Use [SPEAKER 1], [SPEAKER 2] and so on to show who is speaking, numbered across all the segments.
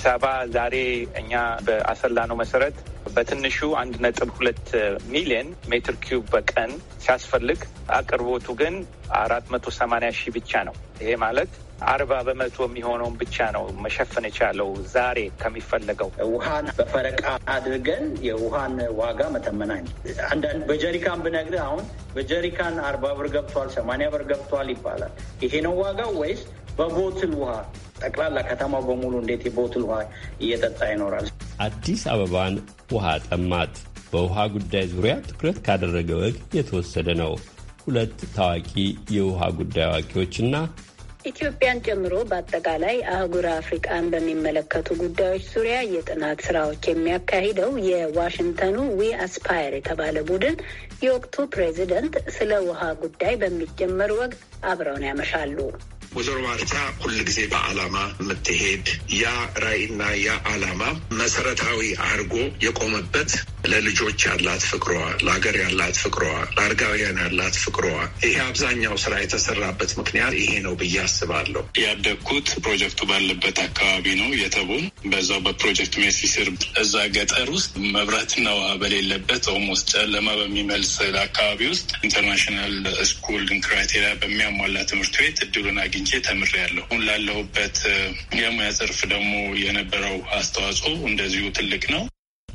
[SPEAKER 1] አዲስ አበባ ዛሬ እኛ በአሰላ ነው መሰረት በትንሹ አንድ ነጥብ ሁለት ሚሊዮን ሜትር ኪዩብ በቀን ሲያስፈልግ አቅርቦቱ ግን አራት መቶ ሰማኒያ ሺህ ብቻ ነው። ይሄ ማለት አርባ በመቶ የሚሆነውን ብቻ ነው መሸፈን የቻለው ዛሬ
[SPEAKER 2] ከሚፈለገው። ውሃን በፈረቃ አድርገን የውሃን ዋጋ መተመናኝ አንዳንድ በጀሪካን ብነግር አሁን በጀሪካን አርባ ብር ገብቷል፣ ሰማኒያ ብር ገብቷል ይባላል። ይሄ ነው ዋጋው ወይስ በቦትል ውሃ ጠቅላላ ከተማ በሙሉ እንዴት የቦትል ውሃ እየጠጣ ይኖራል?
[SPEAKER 3] አዲስ አበባን ውሃ ጠማት በውሃ ጉዳይ ዙሪያ ትኩረት ካደረገ ወግ የተወሰደ ነው። ሁለት ታዋቂ የውሃ ጉዳይ አዋቂዎችና
[SPEAKER 4] ኢትዮጵያን ጨምሮ በአጠቃላይ አህጉር አፍሪቃን በሚመለከቱ ጉዳዮች ዙሪያ የጥናት ስራዎች የሚያካሂደው የዋሽንግተኑ ዊ አስፓየር የተባለ ቡድን የወቅቱ ፕሬዚደንት ስለ ውሃ ጉዳይ በሚጀመር ወቅት አብረውን
[SPEAKER 5] ያመሻሉ። ወይዘሮ ማርታ ሁልጊዜ በዓላማ የምትሄድ ያ ራዕይና ያ ዓላማ መሰረታዊ አድርጎ የቆመበት ለልጆች ያላት ፍቅሯ፣ ለሀገር ያላት ፍቅሯ፣ ለአርጋውያን ያላት ፍቅሯ ይሄ አብዛኛው ስራ የተሰራበት ምክንያት
[SPEAKER 6] ይሄ ነው ብዬ አስባለሁ። ያደግኩት ፕሮጀክቱ ባለበት አካባቢ ነው። የተቡም በዛው በፕሮጀክት ሜሲ ስር እዛ ገጠር ውስጥ መብራትና ውሃ በሌለበት ኦሞስ ጨለማ በሚመልስ አካባቢ ውስጥ ኢንተርናሽናል ስኩል ክራይቴሪያ በሚያሟላ ትምህርት ቤት እድሉን አግኝ ሄጄ
[SPEAKER 3] ተምሬያለሁ። ላለሁበት የሙያ ዘርፍ ደግሞ የነበረው አስተዋጽኦ እንደዚሁ ትልቅ ነው።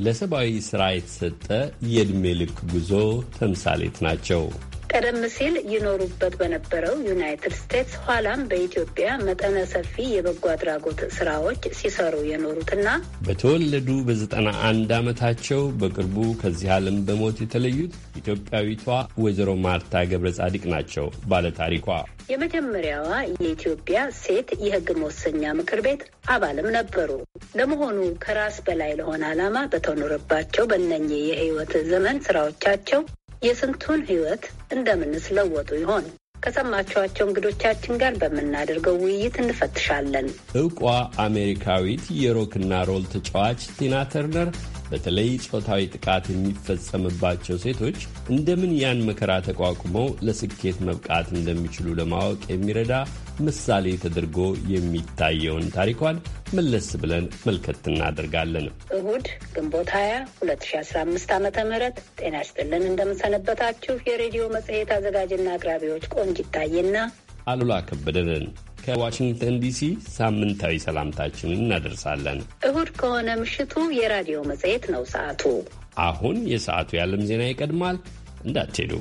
[SPEAKER 3] ለሰብአዊ ስራ የተሰጠ የዕድሜ ልክ ጉዞ ተምሳሌት ናቸው።
[SPEAKER 4] ቀደም ሲል ይኖሩበት በነበረው ዩናይትድ ስቴትስ ኋላም በኢትዮጵያ መጠነ ሰፊ የበጎ አድራጎት ስራዎች ሲሰሩ የኖሩትና
[SPEAKER 3] በተወለዱ በዘጠና አንድ ዓመታቸው በቅርቡ ከዚህ ዓለም በሞት የተለዩት ኢትዮጵያዊቷ ወይዘሮ ማርታ ገብረ ጻዲቅ ናቸው። ባለታሪኳ
[SPEAKER 4] የመጀመሪያዋ የኢትዮጵያ ሴት የህግ መወሰኛ ምክር ቤት አባልም ነበሩ። ለመሆኑ ከራስ በላይ ለሆነ ዓላማ በተኖረባቸው በነኚህ የህይወት ዘመን ስራዎቻቸው የስንቱን ህይወት እንደምንስ ለወጡ ይሆን? ከሰማችኋቸው እንግዶቻችን ጋር በምናደርገው ውይይት እንፈትሻለን።
[SPEAKER 3] እውቋ አሜሪካዊት የሮክና ሮል ተጫዋች ቲና ተርነር በተለይ ጾታዊ ጥቃት የሚፈጸምባቸው ሴቶች እንደምን ያን መከራ ተቋቁመው ለስኬት መብቃት እንደሚችሉ ለማወቅ የሚረዳ ምሳሌ ተደርጎ የሚታየውን ታሪኳን መለስ ብለን መልከት እናደርጋለን።
[SPEAKER 4] እሁድ ግንቦት 20 2015 ዓ ም ጤና ይስጥልን። እንደምንሰነበታችሁ የሬዲዮ መጽሔት አዘጋጅና አቅራቢዎች ቆንጅ ይታየና
[SPEAKER 3] አሉላ ከበደ ከዋሽንግተን ዲሲ ሳምንታዊ ሰላምታችንን እናደርሳለን።
[SPEAKER 4] እሁድ ከሆነ ምሽቱ የራዲዮ መጽሔት ነው ሰዓቱ።
[SPEAKER 3] አሁን የሰዓቱ የዓለም ዜና ይቀድማል። እንዳትሄዱ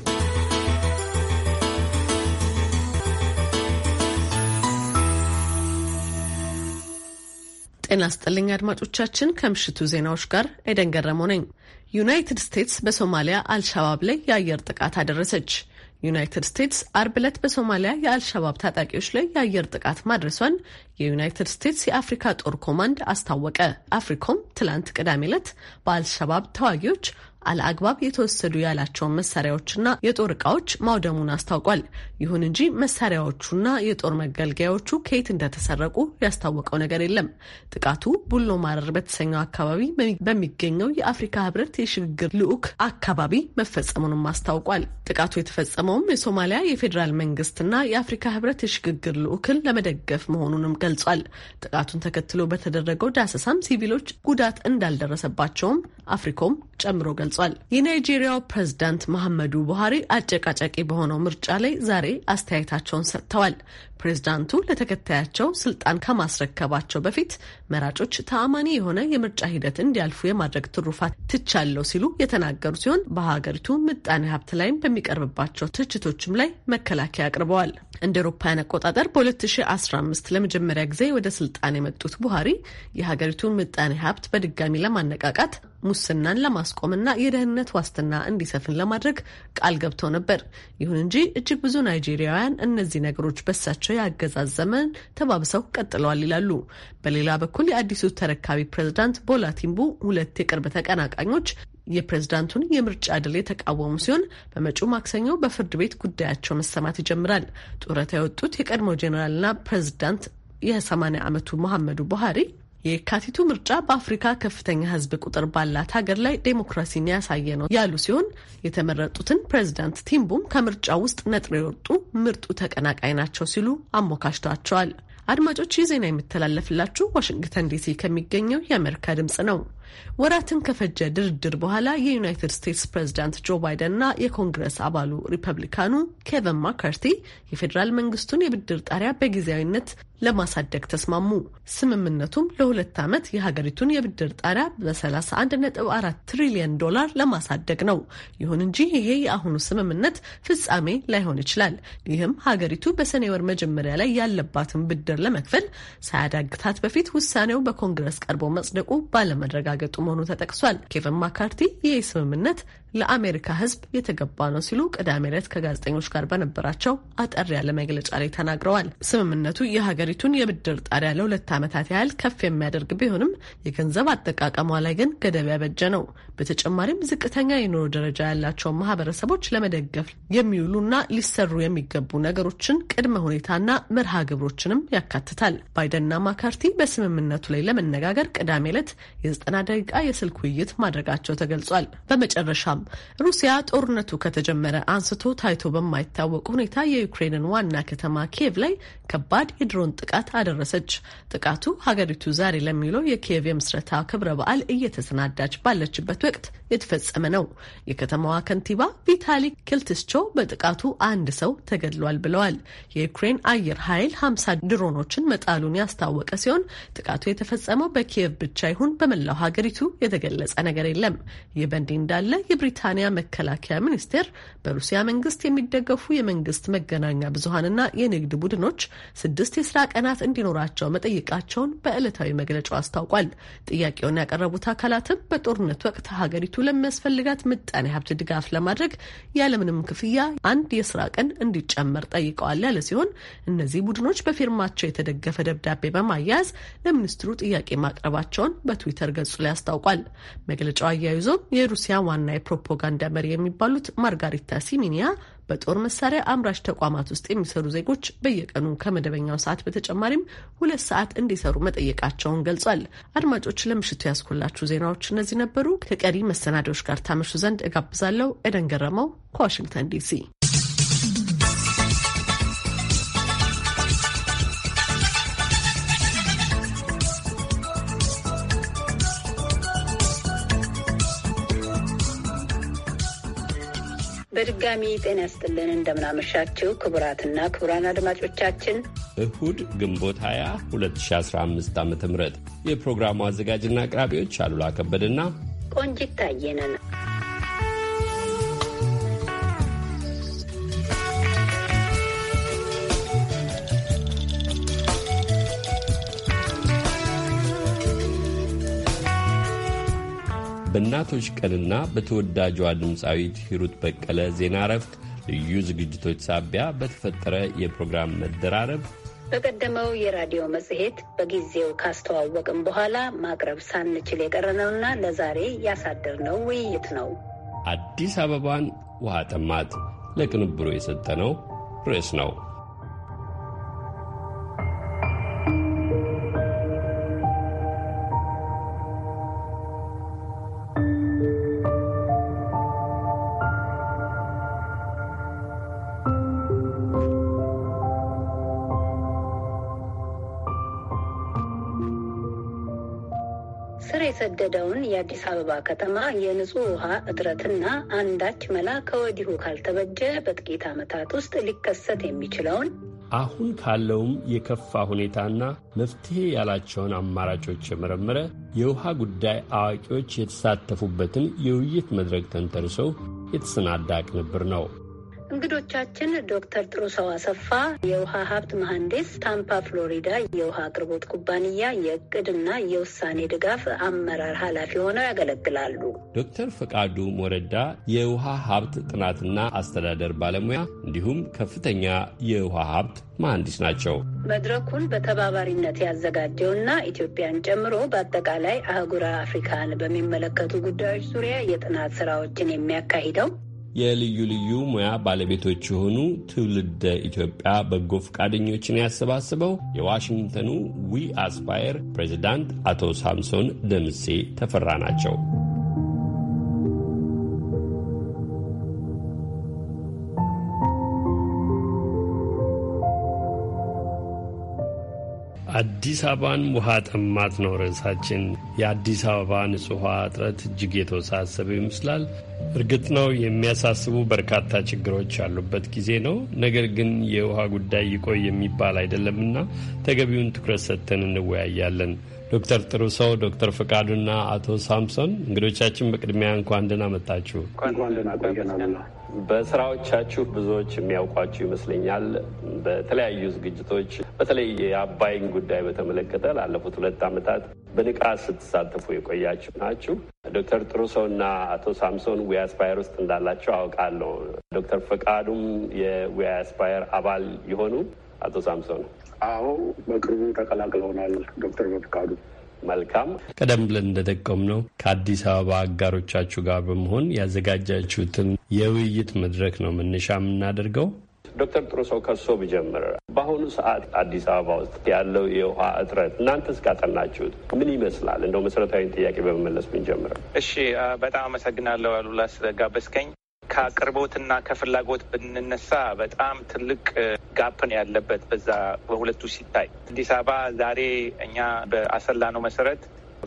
[SPEAKER 7] ጤና ስጥልኝ አድማጮቻችን፣ ከምሽቱ ዜናዎች ጋር ኤደን ገረሞ ነኝ። ዩናይትድ ስቴትስ በሶማሊያ አልሻባብ ላይ የአየር ጥቃት አደረሰች። ዩናይትድ ስቴትስ አርብ ዕለት በሶማሊያ የአልሸባብ ታጣቂዎች ላይ የአየር ጥቃት ማድረሷን የዩናይትድ ስቴትስ የአፍሪካ ጦር ኮማንድ አስታወቀ። አፍሪኮም ትላንት ቅዳሜ ዕለት በአልሸባብ ተዋጊዎች አለአግባብ የተወሰዱ ያላቸውን መሳሪያዎችና የጦር እቃዎች ማውደሙን አስታውቋል። ይሁን እንጂ መሳሪያዎቹና የጦር መገልገያዎቹ ከየት እንደተሰረቁ ያስታወቀው ነገር የለም። ጥቃቱ ቡሎ ማረር በተሰኘው አካባቢ በሚገኘው የአፍሪካ ህብረት የሽግግር ልዑክ አካባቢ መፈጸሙንም አስታውቋል። ጥቃቱ የተፈጸመውም የሶማሊያ የፌዴራል መንግስትና የአፍሪካ ህብረት የሽግግር ልዑክን ለመደገፍ መሆኑንም ገልጿል። ጥቃቱን ተከትሎ በተደረገው ዳሰሳም ሲቪሎች ጉዳት እንዳልደረሰባቸውም አፍሪኮም ጨምሮ ገልጿል። ገልጿል። የናይጄሪያው ፕሬዝዳንት መሐመዱ ቡሃሪ አጨቃጫቂ በሆነው ምርጫ ላይ ዛሬ አስተያየታቸውን ሰጥተዋል። ፕሬዝዳንቱ ለተከታያቸው ስልጣን ከማስረከባቸው በፊት መራጮች ተአማኒ የሆነ የምርጫ ሂደት እንዲያልፉ የማድረግ ትሩፋት ትቻለው ሲሉ የተናገሩ ሲሆን በሀገሪቱ ምጣኔ ሀብት ላይም በሚቀርብባቸው ትችቶችም ላይ መከላከያ አቅርበዋል። እንደ አውሮፓውያን አቆጣጠር በ2015 ለመጀመሪያ ጊዜ ወደ ስልጣን የመጡት ቡሃሪ የሀገሪቱን ምጣኔ ሀብት በድጋሚ ለማነቃቃት ሙስናን ለማስቆምና የደህንነት ዋስትና እንዲሰፍን ለማድረግ ቃል ገብተው ነበር። ይሁን እንጂ እጅግ ብዙ ናይጄሪያውያን እነዚህ ነገሮች በሳቸው የፈጀው የአገዛዝ ዘመን ተባብሰው ቀጥለዋል ይላሉ። በሌላ በኩል የአዲሱ ተረካቢ ፕሬዝዳንት ቦላ ሁለት የቅርብ ተቀናቃኞች የፕሬዝዳንቱን የምርጫ ድል የተቃወሙ ሲሆን በመጪው ማክሰኞ በፍርድ ቤት ጉዳያቸው መሰማት ይጀምራል። ጡረታ የወጡት የቀድሞ ጄኔራልና ፕሬዝዳንት የ80 ዓመቱ መሐመዱ ቡሃሪ የካቲቱ ምርጫ በአፍሪካ ከፍተኛ ሕዝብ ቁጥር ባላት ሀገር ላይ ዴሞክራሲን ያሳየ ነው ያሉ ሲሆን የተመረጡትን ፕሬዚዳንት ቲምቡም ከምርጫ ውስጥ ነጥረው የወጡ ምርጡ ተቀናቃይ ናቸው ሲሉ አሞካሽተዋቸዋል። አድማጮች ይህ ዜና የሚተላለፍላችሁ ዋሽንግተን ዲሲ ከሚገኘው የአሜሪካ ድምጽ ነው። ወራትን ከፈጀ ድርድር በኋላ የዩናይትድ ስቴትስ ፕሬዚዳንት ጆ ባይደን የኮንግረስ አባሉ ሪፐብሊካኑ ኬቨን ማካርቲ የፌዴራል መንግስቱን የብድር ጣሪያ በጊዜያዊነት ለማሳደግ ተስማሙ። ስምምነቱም ለሁለት ዓመት የሀገሪቱን የብድር ጣሪያ በ31.4 ትሪሊየን ዶላር ለማሳደግ ነው። ይሁን እንጂ ይሄ የአሁኑ ስምምነት ፍጻሜ ላይሆን ይችላል። ይህም ሀገሪቱ በሰኔ ወር መጀመሪያ ላይ ያለባትን ብድር ለመክፈል ሳያዳግታት በፊት ውሳኔው በኮንግረስ ቀርቦ መጽደቁ ባለመረጋገጡ መሆኑ ተጠቅሷል። ኬቨን ማካርቲ ይህ ስምምነት ለአሜሪካ ሕዝብ የተገባ ነው ሲሉ ቅዳሜ ዕለት ከጋዜጠኞች ጋር በነበራቸው አጠር ያለ መግለጫ ላይ ተናግረዋል። ስምምነቱ የሀገሪቱን የብድር ጣሪያ ለሁለት ዓመታት ያህል ከፍ የሚያደርግ ቢሆንም የገንዘብ አጠቃቀሟ ላይ ግን ገደብ ያበጀ ነው። በተጨማሪም ዝቅተኛ የኑሮ ደረጃ ያላቸውን ማህበረሰቦች ለመደገፍ የሚውሉና ሊሰሩ የሚገቡ ነገሮችን ቅድመ ሁኔታና መርሃ ግብሮችንም ያካትታል። ባይደንና ማካርቲ በስምምነቱ ላይ ለመነጋገር ቅዳሜ ዕለት የዘጠና ደቂቃ የስልክ ውይይት ማድረጋቸው ተገልጿል። በመጨረሻም ሩሲያ ጦርነቱ ከተጀመረ አንስቶ ታይቶ በማይታወቅ ሁኔታ የዩክሬንን ዋና ከተማ ኪየቭ ላይ ከባድ የድሮን ጥቃት አደረሰች። ጥቃቱ ሀገሪቱ ዛሬ ለሚለው የኪየቭ የምስረታ ክብረ በዓል እየተሰናዳች ባለችበት ወቅት የተፈጸመ ነው። የከተማዋ ከንቲባ ቪታሊ ክልትስቾ በጥቃቱ አንድ ሰው ተገድሏል ብለዋል። የዩክሬን አየር ኃይል ሀምሳ ድሮኖችን መጣሉን ያስታወቀ ሲሆን ጥቃቱ የተፈጸመው በኪየቭ ብቻ ይሁን በመላው ሀገሪቱ የተገለጸ ነገር የለም። ይህ በእንዲህ እንዳለ የብሪ የብሪታንያ መከላከያ ሚኒስቴር በሩሲያ መንግስት የሚደገፉ የመንግስት መገናኛ ብዙሀንና የንግድ ቡድኖች ስድስት የስራ ቀናት እንዲኖራቸው መጠየቃቸውን በዕለታዊ መግለጫው አስታውቋል። ጥያቄውን ያቀረቡት አካላትም በጦርነት ወቅት ሀገሪቱ ለሚያስፈልጋት ምጣኔ ሀብት ድጋፍ ለማድረግ ያለምንም ክፍያ አንድ የስራ ቀን እንዲጨመር ጠይቀዋል ያለ ሲሆን እነዚህ ቡድኖች በፊርማቸው የተደገፈ ደብዳቤ በማያያዝ ለሚኒስትሩ ጥያቄ ማቅረባቸውን በትዊተር ገጹ ላይ አስታውቋል። መግለጫው አያይዞም የሩሲያ ዋና የፕሮፓጋንዳ መሪ የሚባሉት ማርጋሪታ ሲሚኒያ በጦር መሳሪያ አምራች ተቋማት ውስጥ የሚሰሩ ዜጎች በየቀኑ ከመደበኛው ሰዓት በተጨማሪም ሁለት ሰዓት እንዲሰሩ መጠየቃቸውን ገልጿል። አድማጮች፣ ለምሽቱ ያስኩላችሁ ዜናዎች እነዚህ ነበሩ። ከቀሪ መሰናዶዎች ጋር ታመሹ ዘንድ እጋብዛለሁ። ኤደን ገረመው ከዋሽንግተን ዲሲ
[SPEAKER 4] በድጋሚ ጤና ያስጥልን። እንደምናመሻችው ክቡራትና ክቡራን አድማጮቻችን
[SPEAKER 3] እሁድ ግንቦት 20 2015 ዓ ም የፕሮግራሙ አዘጋጅና አቅራቢዎች አሉላ ከበድና
[SPEAKER 4] ቆንጅት ታየነን
[SPEAKER 3] በእናቶች ቀንና በተወዳጇ ድምፃዊት ሂሩት በቀለ ዜና እረፍት ልዩ ዝግጅቶች ሳቢያ በተፈጠረ የፕሮግራም መደራረብ
[SPEAKER 4] በቀደመው የራዲዮ መጽሔት በጊዜው ካስተዋወቅም በኋላ ማቅረብ ሳንችል የቀረነውና ለዛሬ ያሳደርነው ውይይት ነው።
[SPEAKER 3] አዲስ አበባን ውሃ ጠማት ለቅንብሩ የሰጠነው ርዕስ ነው።
[SPEAKER 4] የሰደደውን የአዲስ አበባ ከተማ የንጹህ ውሃ እጥረትና አንዳች መላ ከወዲሁ ካልተበጀ በጥቂት ዓመታት ውስጥ ሊከሰት የሚችለውን
[SPEAKER 3] አሁን ካለውም የከፋ ሁኔታና መፍትሄ ያላቸውን አማራጮች የመረመረ የውሃ ጉዳይ አዋቂዎች የተሳተፉበትን የውይይት መድረክ ተንተርሰው የተሰናዳ ቅንብር ነው።
[SPEAKER 4] እንግዶቻችን ዶክተር ጥሩሰው አሰፋ የውሃ ሀብት መሐንዲስ፣ ታምፓ ፍሎሪዳ የውሃ አቅርቦት ኩባንያ የእቅድና የውሳኔ ድጋፍ አመራር ኃላፊ ሆነው ያገለግላሉ።
[SPEAKER 3] ዶክተር ፈቃዱ ሞረዳ የውሃ ሀብት ጥናትና አስተዳደር ባለሙያ እንዲሁም ከፍተኛ የውሃ ሀብት መሐንዲስ ናቸው።
[SPEAKER 4] መድረኩን በተባባሪነት ያዘጋጀውና ኢትዮጵያን ጨምሮ በአጠቃላይ አህጉረ አፍሪካን በሚመለከቱ ጉዳዮች ዙሪያ የጥናት ስራዎችን የሚያካሂደው
[SPEAKER 3] የልዩ ልዩ ሙያ ባለቤቶች የሆኑ ትውልደ ኢትዮጵያ በጎ ፈቃደኞችን ያሰባስበው የዋሽንግተኑ ዊ አስፓየር ፕሬዚዳንት አቶ ሳምሶን ደምሴ ተፈራ ናቸው። አዲስ አበባን ውሃ ጠማት ነው ርዕሳችን። የአዲስ አበባ ንጹህ ውሃ እጥረት እጅግ የተወሳሰበ ይመስላል። እርግጥ ነው የሚያሳስቡ በርካታ ችግሮች ያሉበት ጊዜ ነው። ነገር ግን የውሃ ጉዳይ ይቆይ የሚባል አይደለምና ተገቢውን ትኩረት ሰጥተን እንወያያለን። ዶክተር ጥሩ ሰው፣ ዶክተር ፍቃዱና አቶ ሳምሶን እንግዶቻችን፣ በቅድሚያ እንኳን ደህና መጣችሁ። በስራዎቻችሁ ብዙዎች የሚያውቋችሁ ይመስለኛል። በተለያዩ ዝግጅቶች በተለይ የአባይን ጉዳይ በተመለከተ ላለፉት ሁለት ዓመታት በንቃት ስትሳተፉ የቆያችሁ ናችሁ። ዶክተር ጥሩሶ እና አቶ ሳምሶን ዊ አስፓየር ውስጥ እንዳላቸው አውቃለሁ። ዶክተር ፈቃዱም የዊ አስፓየር አባል የሆኑ አቶ ሳምሶን
[SPEAKER 8] አዎ፣ በቅርቡ ተቀላቅለውናል። ዶክተር በፍቃዱ መልካም።
[SPEAKER 3] ቀደም ብለን እንደጠቀም ነው ከአዲስ አበባ አጋሮቻችሁ ጋር በመሆን ያዘጋጃችሁትን የውይይት መድረክ ነው መነሻ የምናደርገው። ዶክተር ጥሩሰው ሰው ከሶ ብጀምር በአሁኑ ሰዓት አዲስ አበባ ውስጥ ያለው የውሃ እጥረት እናንተ እስካጠናችሁት ምን ይመስላል? እንደው መሰረታዊ ጥያቄ በመመለስ ብንጀምረው።
[SPEAKER 1] እሺ፣ በጣም አመሰግናለሁ አሉላ ስለጋበዝከኝ። ከአቅርቦትና ከፍላጎት ብንነሳ በጣም ትልቅ ጋፕን ያለበት በዛ በሁለቱ ሲታይ አዲስ አበባ ዛሬ እኛ በአሰላ ነው መሰረት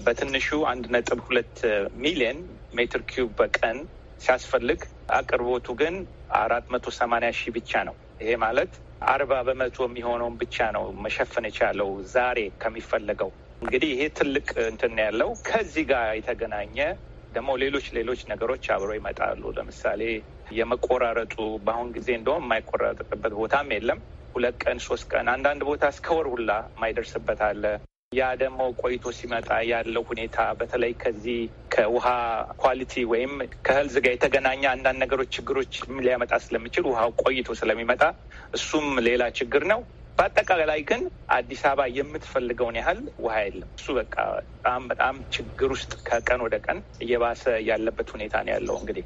[SPEAKER 1] በትንሹ አንድ ነጥብ ሁለት ሚሊየን ሜትር ኪዩብ በቀን ሲያስፈልግ አቅርቦቱ ግን አራት መቶ ሰማኒያ ሺህ ብቻ ነው። ይሄ ማለት አርባ በመቶ የሚሆነውን ብቻ ነው መሸፈን የቻለው ዛሬ ከሚፈለገው። እንግዲህ ይሄ ትልቅ እንትን ያለው ከዚህ ጋር የተገናኘ ደግሞ ሌሎች ሌሎች ነገሮች አብሮ ይመጣሉ። ለምሳሌ የመቆራረጡ በአሁን ጊዜ እንደውም የማይቆራረጥበት ቦታም የለም። ሁለት ቀን ሶስት ቀን አንዳንድ ቦታ እስከ ወር ሁላ የማይደርስበት አለ። ያ ደግሞ ቆይቶ ሲመጣ ያለው ሁኔታ በተለይ ከዚህ ከውሃ ኳሊቲ ወይም ከህልዝ ጋር የተገናኘ አንዳንድ ነገሮች ችግሮች ሊያመጣ ስለሚችል ውሃው ቆይቶ ስለሚመጣ እሱም ሌላ ችግር ነው። በአጠቃላይ ላይ ግን አዲስ አበባ የምትፈልገውን ያህል ውሃ የለም። እሱ በቃ በጣም በጣም
[SPEAKER 3] ችግር ውስጥ ከቀን ወደ ቀን እየባሰ ያለበት ሁኔታ ነው ያለው። እንግዲህ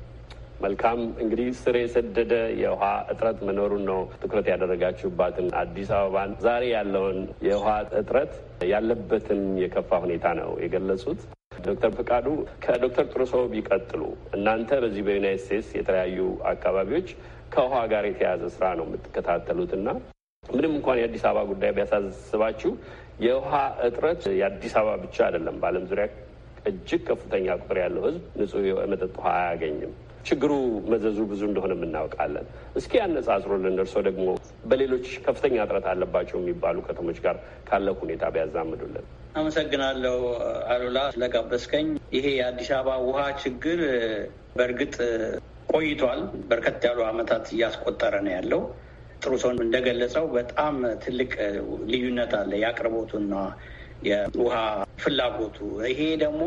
[SPEAKER 3] መልካም እንግዲህ ስር የሰደደ የውሃ እጥረት መኖሩን ነው ትኩረት ያደረጋችሁባትን አዲስ አበባን ዛሬ ያለውን የውሃ እጥረት ያለበትን የከፋ ሁኔታ ነው የገለጹት። ዶክተር ፍቃዱ ከዶክተር ጥሩሶ ቢቀጥሉ እናንተ በዚህ በዩናይት ስቴትስ የተለያዩ አካባቢዎች ከውሃ ጋር የተያያዘ ስራ ነው የምትከታተሉት እና ምንም እንኳን የአዲስ አበባ ጉዳይ ቢያሳስባችሁ የውሃ እጥረት የአዲስ አበባ ብቻ አይደለም። በዓለም ዙሪያ እጅግ ከፍተኛ ቁጥር ያለው ሕዝብ ንጹህ የመጠጥ ውሃ አያገኝም። ችግሩ መዘዙ ብዙ እንደሆነ እናውቃለን። እስኪ ያነጻጽሩልን። እርስዎ ደግሞ በሌሎች ከፍተኛ እጥረት አለባቸው የሚባሉ ከተሞች ጋር ካለው ሁኔታ ቢያዛምዱልን።
[SPEAKER 2] አመሰግናለሁ አሉላ ስለጋበዝከኝ። ይሄ የአዲስ አበባ ውሃ ችግር በእርግጥ ቆይቷል። በርከት ያሉ አመታት እያስቆጠረ ነው ያለው ጥሩ ሰው እንደገለጸው በጣም ትልቅ ልዩነት አለ የአቅርቦቱና የውሃ ፍላጎቱ። ይሄ ደግሞ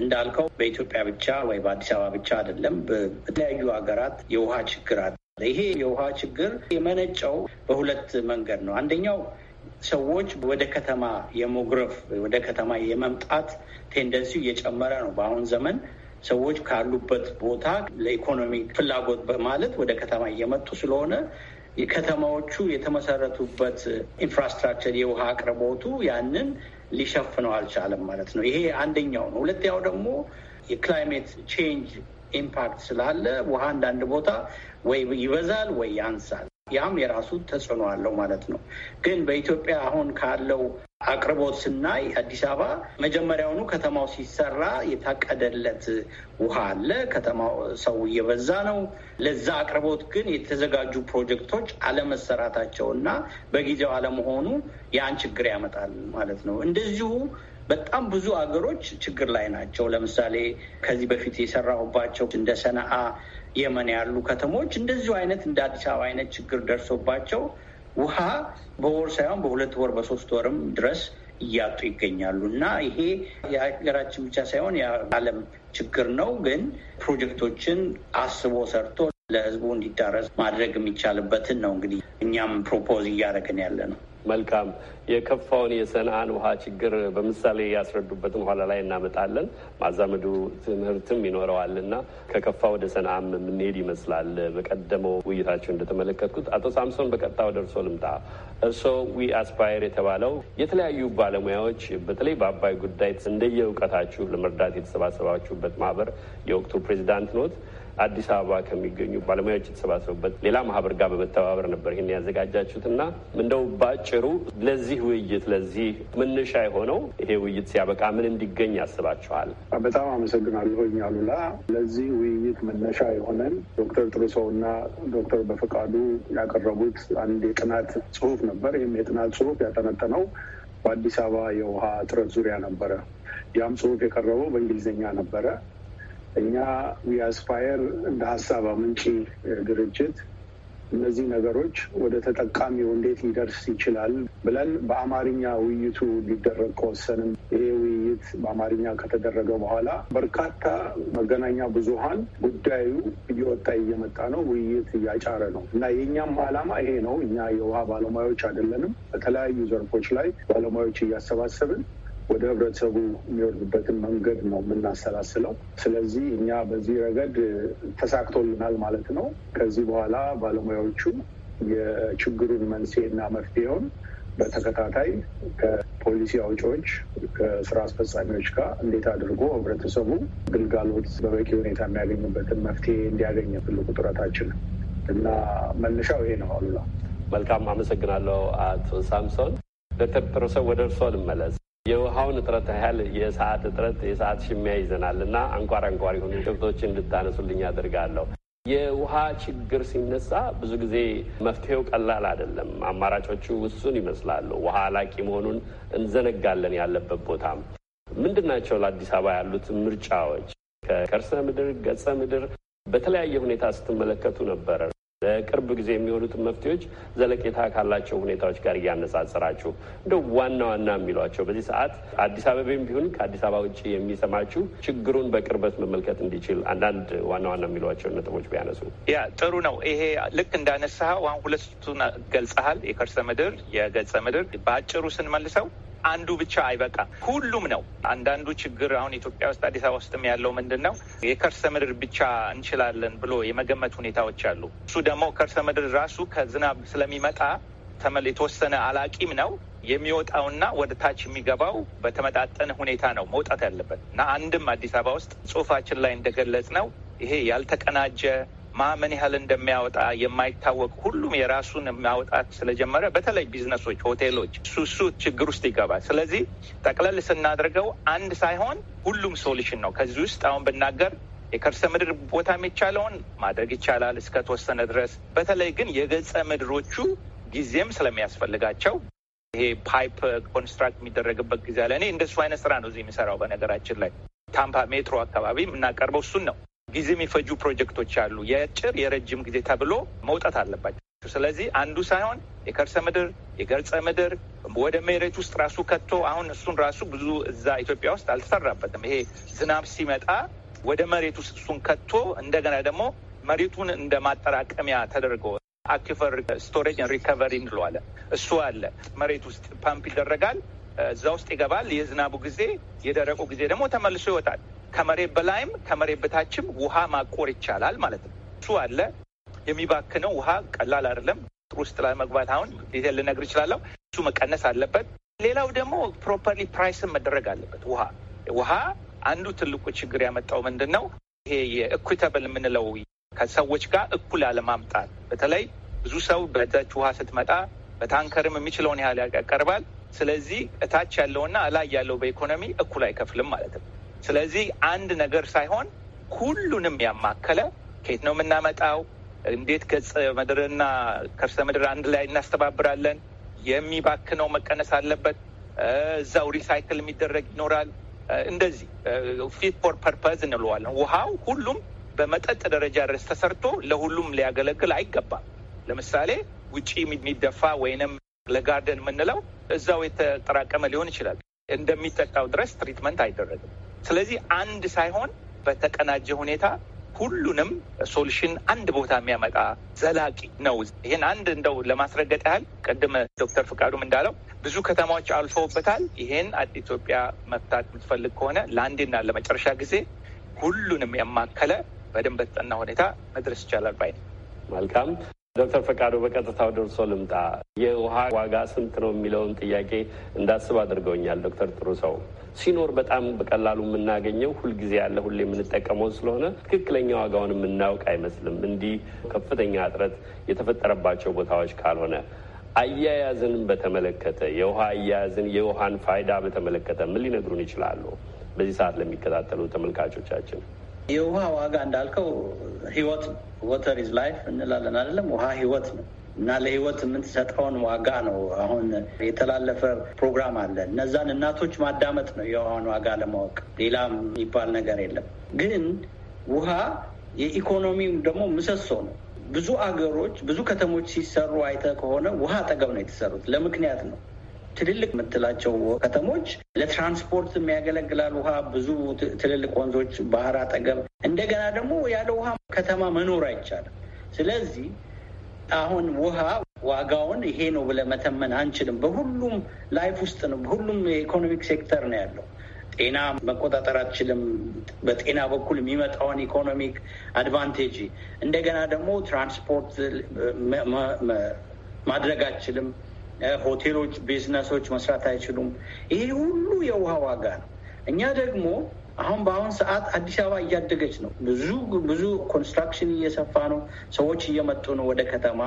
[SPEAKER 2] እንዳልከው በኢትዮጵያ ብቻ ወይ በአዲስ አበባ ብቻ አይደለም፣ በተለያዩ ሀገራት የውሃ ችግር አለ። ይሄ የውሃ ችግር የመነጨው በሁለት መንገድ ነው። አንደኛው ሰዎች ወደ ከተማ የሞግረፍ ወደ ከተማ የመምጣት ቴንደንሲ እየጨመረ ነው በአሁን ዘመን ሰዎች ካሉበት ቦታ ለኢኮኖሚ ፍላጎት በማለት ወደ ከተማ እየመጡ ስለሆነ ከተማዎቹ የተመሰረቱበት ኢንፍራስትራክቸር የውሃ አቅርቦቱ ያንን ሊሸፍነው አልቻለም ማለት ነው። ይሄ አንደኛው ነው። ሁለተኛው ደግሞ የክላይሜት ቼንጅ ኢምፓክት ስላለ ውሃ አንዳንድ ቦታ ወይ ይበዛል ወይ ያንሳል። ያም የራሱ ተጽዕኖ አለው ማለት ነው። ግን በኢትዮጵያ አሁን ካለው አቅርቦት ስናይ አዲስ አበባ መጀመሪያውኑ ከተማው ሲሰራ የታቀደለት ውሃ አለ። ከተማው ሰው እየበዛ ነው። ለዛ አቅርቦት ግን የተዘጋጁ ፕሮጀክቶች አለመሰራታቸው እና በጊዜው አለመሆኑ ያን ችግር ያመጣል ማለት ነው። እንደዚሁ በጣም ብዙ አገሮች ችግር ላይ ናቸው። ለምሳሌ ከዚህ በፊት የሰራሁባቸው እንደ ሰነአ የመን ያሉ ከተሞች እንደዚሁ አይነት እንደ አዲስ አበባ አይነት ችግር ደርሶባቸው ውሃ በወር ሳይሆን በሁለት ወር በሶስት ወርም ድረስ እያጡ ይገኛሉ እና ይሄ የሀገራችን ብቻ ሳይሆን የዓለም ችግር ነው። ግን ፕሮጀክቶችን አስቦ ሰርቶ ለህዝቡ እንዲዳረስ ማድረግ የሚቻልበትን ነው እንግዲህ እኛም ፕሮፖዝ እያደረግን ያለ ነው።
[SPEAKER 3] መልካም የከፋውን የሰንአን ውሃ ችግር በምሳሌ ያስረዱበትን ኋላ ላይ እናመጣለን። ማዛመዱ ትምህርትም ይኖረዋል እና ከከፋ ወደ ሰንአም የምንሄድ ይመስላል። በቀደመው ውይይታቸው እንደተመለከትኩት አቶ ሳምሶን በቀጥታ ወደ እርሶ ልምጣ። እርሶ ዊ አስፓየር የተባለው የተለያዩ ባለሙያዎች በተለይ በአባይ ጉዳይ እንደየእውቀታችሁ ለመርዳት የተሰባሰባችሁበት ማህበር የወቅቱ ፕሬዚዳንት ኖት። አዲስ አበባ ከሚገኙ ባለሙያዎች የተሰባሰቡበት ሌላ ማህበር ጋር በመተባበር ነበር ይህን ያዘጋጃችሁት እና እንደው ባጭሩ ለዚህ ውይይት ለዚህ መነሻ የሆነው ይሄ ውይይት ሲያበቃ ምን እንዲገኝ ያስባችኋል?
[SPEAKER 8] በጣም አመሰግናለሁ አሉላ። ለዚህ ውይይት መነሻ የሆነን ዶክተር ጥሩሰው እና ዶክተር በፈቃዱ ያቀረቡት አንድ የጥናት ጽሁፍ ነበር። ይህም የጥናት ጽሁፍ ያጠነጠነው በአዲስ አበባ የውሃ እጥረት ዙሪያ ነበረ። ያም ጽሁፍ የቀረበው በእንግሊዝኛ ነበረ። እኛ ዊያስፓየር እንደ ሀሳብ አመንጪ ድርጅት እነዚህ ነገሮች ወደ ተጠቃሚው እንዴት ሊደርስ ይችላል ብለን በአማርኛ ውይይቱ ሊደረግ ከወሰንም ይሄ ውይይት በአማርኛ ከተደረገ በኋላ በርካታ መገናኛ ብዙሀን ጉዳዩ እየወጣ እየመጣ ነው፣ ውይይት እያጫረ ነው እና የእኛም ዓላማ ይሄ ነው። እኛ የውሃ ባለሙያዎች አይደለንም። በተለያዩ ዘርፎች ላይ ባለሙያዎች እያሰባሰብን ወደ ህብረተሰቡ የሚወርድበትን መንገድ ነው የምናሰላስለው። ስለዚህ እኛ በዚህ ረገድ ተሳክቶልናል ማለት ነው። ከዚህ በኋላ ባለሙያዎቹ የችግሩን መንስኤና መፍትሄውን በተከታታይ ከፖሊሲ አውጪዎች ከስራ አስፈጻሚዎች ጋር እንዴት አድርጎ ህብረተሰቡ ግልጋሎት በበቂ ሁኔታ የሚያገኙበትን መፍትሄ እንዲያገኝ ትልቁ
[SPEAKER 3] ጥረታችን እና መነሻው ይሄ ነው። አሉላ መልካም አመሰግናለሁ። አቶ ሳምሶን ዶክተር ጴጥሮስ ወደ እርስዎ ልመለስ። የውሃውን እጥረት ያህል የሰዓት እጥረት የሰዓት ሽሚያ ይዘናል እና አንኳር አንኳር የሆኑ ጭብጦች እንድታነሱልኝ አድርጋለሁ። የውሃ ችግር ሲነሳ ብዙ ጊዜ መፍትሄው ቀላል አይደለም። አማራጮቹ ውሱን ይመስላሉ። ውሃ አላቂ መሆኑን እንዘነጋለን። ያለበት ቦታም ምንድን ናቸው? ለአዲስ አበባ ያሉት ምርጫዎች ከከርሰ ምድር ገጸ ምድር በተለያየ ሁኔታ ስትመለከቱ ነበረ። ለቅርብ ጊዜ የሚሆኑትን መፍትሄዎች ዘለቄታ ካላቸው ሁኔታዎች ጋር እያነጻጽራችሁ እንደ ዋና ዋና የሚሏቸው በዚህ ሰዓት አዲስ አበባም ቢሆን ከአዲስ አበባ ውጭ የሚሰማችሁ ችግሩን በቅርበት መመልከት እንዲችል አንዳንድ ዋና ዋና የሚሏቸው ነጥቦች ቢያነሱ
[SPEAKER 1] ያ ጥሩ ነው። ይሄ ልክ እንዳነሳ አሁን ሁለቱን ገልጸሃል። የከርሰ ምድር፣ የገጸ ምድር በአጭሩ ስንመልሰው አንዱ ብቻ አይበቃም። ሁሉም ነው። አንዳንዱ ችግር አሁን ኢትዮጵያ ውስጥ አዲስ አበባ ውስጥም ያለው ምንድን ነው የከርሰ ምድር ብቻ እንችላለን ብሎ የመገመት ሁኔታዎች አሉ። እሱ ደግሞ ከርሰ ምድር ራሱ ከዝናብ ስለሚመጣ ተመል የተወሰነ አላቂም ነው የሚወጣውና ወደ ታች የሚገባው በተመጣጠነ ሁኔታ ነው መውጣት ያለበት እና አንድም አዲስ አበባ ውስጥ ጽሁፋችን ላይ እንደገለጽ ነው ይሄ ያልተቀናጀ ማ ምን ያህል እንደሚያወጣ የማይታወቅ ሁሉም የራሱን ማውጣት ስለጀመረ በተለይ ቢዝነሶች፣ ሆቴሎች ሱሱ ችግር ውስጥ ይገባል። ስለዚህ ጠቅለል ስናደርገው አንድ ሳይሆን ሁሉም ሶሉሽን ነው። ከዚህ ውስጥ አሁን ብናገር የከርሰ ምድር ቦታ የሚቻለውን ማድረግ ይቻላል እስከ ተወሰነ ድረስ። በተለይ ግን የገጸ ምድሮቹ ጊዜም ስለሚያስፈልጋቸው ይሄ ፓይፕ ኮንስትራክት የሚደረግበት ጊዜ አለ። እኔ እንደሱ አይነት ስራ ነው እዚህ የሚሰራው። በነገራችን ላይ ታምፓ ሜትሮ አካባቢ የምናቀርበው እሱን ነው። ጊዜ የሚፈጁ ፕሮጀክቶች አሉ። የአጭር የረጅም ጊዜ ተብሎ መውጣት አለባቸው። ስለዚህ አንዱ ሳይሆን የከርሰ ምድር የገርጸ ምድር ወደ መሬት ውስጥ ራሱ ከቶ አሁን እሱን ራሱ ብዙ እዛ ኢትዮጵያ ውስጥ አልተሰራበትም። ይሄ ዝናብ ሲመጣ ወደ መሬት ውስጥ እሱን ከቶ እንደገና ደግሞ መሬቱን እንደ ማጠራቀሚያ ተደርጎ አኪፈር ስቶሬጅ ሪከቨሪ እንለዋለን። እሱ አለ። መሬት ውስጥ ፓምፕ ይደረጋል፣ እዛ ውስጥ ይገባል። የዝናቡ ጊዜ የደረቁ ጊዜ ደግሞ ተመልሶ ይወጣል። ከመሬት በላይም ከመሬት በታችም ውሃ ማቆር ይቻላል ማለት ነው። እሱ አለ። የሚባክነው ውሃ ቀላል አይደለም። ውስጥ ላይ መግባት አሁን ዲቴል ልነግር ይችላለሁ። እሱ መቀነስ አለበት። ሌላው ደግሞ ፕሮፐርሊ ፕራይስን መደረግ አለበት። ውሃ ውሃ አንዱ ትልቁ ችግር ያመጣው ምንድን ነው? ይሄ የእኩተብል የምንለው ከሰዎች ጋር እኩል አለማምጣት። በተለይ ብዙ ሰው በዛች ውሃ ስትመጣ በታንከርም የሚችለውን ያህል ያቀርባል። ስለዚህ እታች ያለውና እላይ ያለው በኢኮኖሚ እኩል አይከፍልም ማለት ነው። ስለዚህ አንድ ነገር ሳይሆን ሁሉንም ያማከለ ከየት ነው የምናመጣው፣ እንዴት ገጽ ምድርና ከርሰ ምድር አንድ ላይ እናስተባብራለን፣ የሚባክነው መቀነስ አለበት፣ እዛው ሪሳይክል የሚደረግ ይኖራል። እንደዚህ ፊት ፎር ፐርፐዝ እንለዋለን። ውሃው ሁሉም በመጠጥ ደረጃ ድረስ ተሰርቶ ለሁሉም ሊያገለግል አይገባም። ለምሳሌ ውጪ የሚደፋ ወይንም ለጋርደን የምንለው እዛው የተጠራቀመ ሊሆን ይችላል። እንደሚጠጣው ድረስ ትሪትመንት አይደረግም። ስለዚህ አንድ ሳይሆን በተቀናጀ ሁኔታ ሁሉንም ሶሉሽን አንድ ቦታ የሚያመጣ ዘላቂ ነው። ይህን አንድ እንደው ለማስረገጥ ያህል ቅድም ዶክተር ፍቃዱም እንዳለው ብዙ ከተማዎች አልፈውበታል። ይሄን ኢትዮጵያ መፍታት የምትፈልግ ከሆነ ለአንዴና ለመጨረሻ ጊዜ ሁሉንም ያማከለ በደንብ በተጠና ሁኔታ መድረስ ይቻላል ባይ
[SPEAKER 3] መልካም ዶክተር ፈቃዱ በቀጥታው ደርሶ ልምጣ። የውሃ ዋጋ ስንት ነው የሚለውን ጥያቄ እንዳስብ አድርገውኛል። ዶክተር ጥሩ ሰው ሲኖር በጣም በቀላሉ የምናገኘው ሁልጊዜ ያለ ሁሌ የምንጠቀመው ስለሆነ ትክክለኛ ዋጋውን የምናውቅ አይመስልም። እንዲህ ከፍተኛ እጥረት የተፈጠረባቸው ቦታዎች ካልሆነ አያያዝን በተመለከተ የውሃ አያያዝን የውሃን ፋይዳ በተመለከተ ምን ሊነግሩን ይችላሉ? በዚህ ሰዓት ለሚከታተሉ ተመልካቾቻችን የውሃ ዋጋ እንዳልከው ህይወት ወተር
[SPEAKER 2] ኢዝ ላይፍ እንላለን አይደለም? ውሃ ህይወት ነው እና ለህይወት የምትሰጠውን ዋጋ ነው። አሁን የተላለፈ ፕሮግራም አለ። እነዛን እናቶች ማዳመጥ ነው የውሃን ዋጋ ለማወቅ። ሌላ የሚባል ነገር የለም። ግን ውሃ የኢኮኖሚ ደግሞ ምሰሶ ነው። ብዙ አገሮች ብዙ ከተሞች ሲሰሩ አይተ ከሆነ ውሃ አጠገብ ነው የተሰሩት። ለምክንያት ነው ትልልቅ የምትላቸው ከተሞች ለትራንስፖርት የሚያገለግላል ውሃ ብዙ ትልልቅ ወንዞች ባህር አጠገብ እንደገና ደግሞ ያለ ውሃ ከተማ መኖር አይቻልም። ስለዚህ አሁን ውሃ ዋጋውን ይሄ ነው ብለ መተመን አንችልም። በሁሉም ላይፍ ውስጥ ነው፣ በሁሉም የኢኮኖሚክ ሴክተር ነው ያለው። ጤና መቆጣጠር አትችልም። በጤና በኩል የሚመጣውን ኢኮኖሚክ አድቫንቴጅ እንደገና ደግሞ ትራንስፖርት ማድረግ አትችልም። ሆቴሎች፣ ቢዝነሶች መስራት አይችሉም። ይሄ ሁሉ የውሃ ዋጋ ነው። እኛ ደግሞ አሁን በአሁን ሰዓት አዲስ አበባ እያደገች ነው። ብዙ ብዙ ኮንስትራክሽን እየሰፋ ነው። ሰዎች እየመጡ ነው ወደ ከተማ።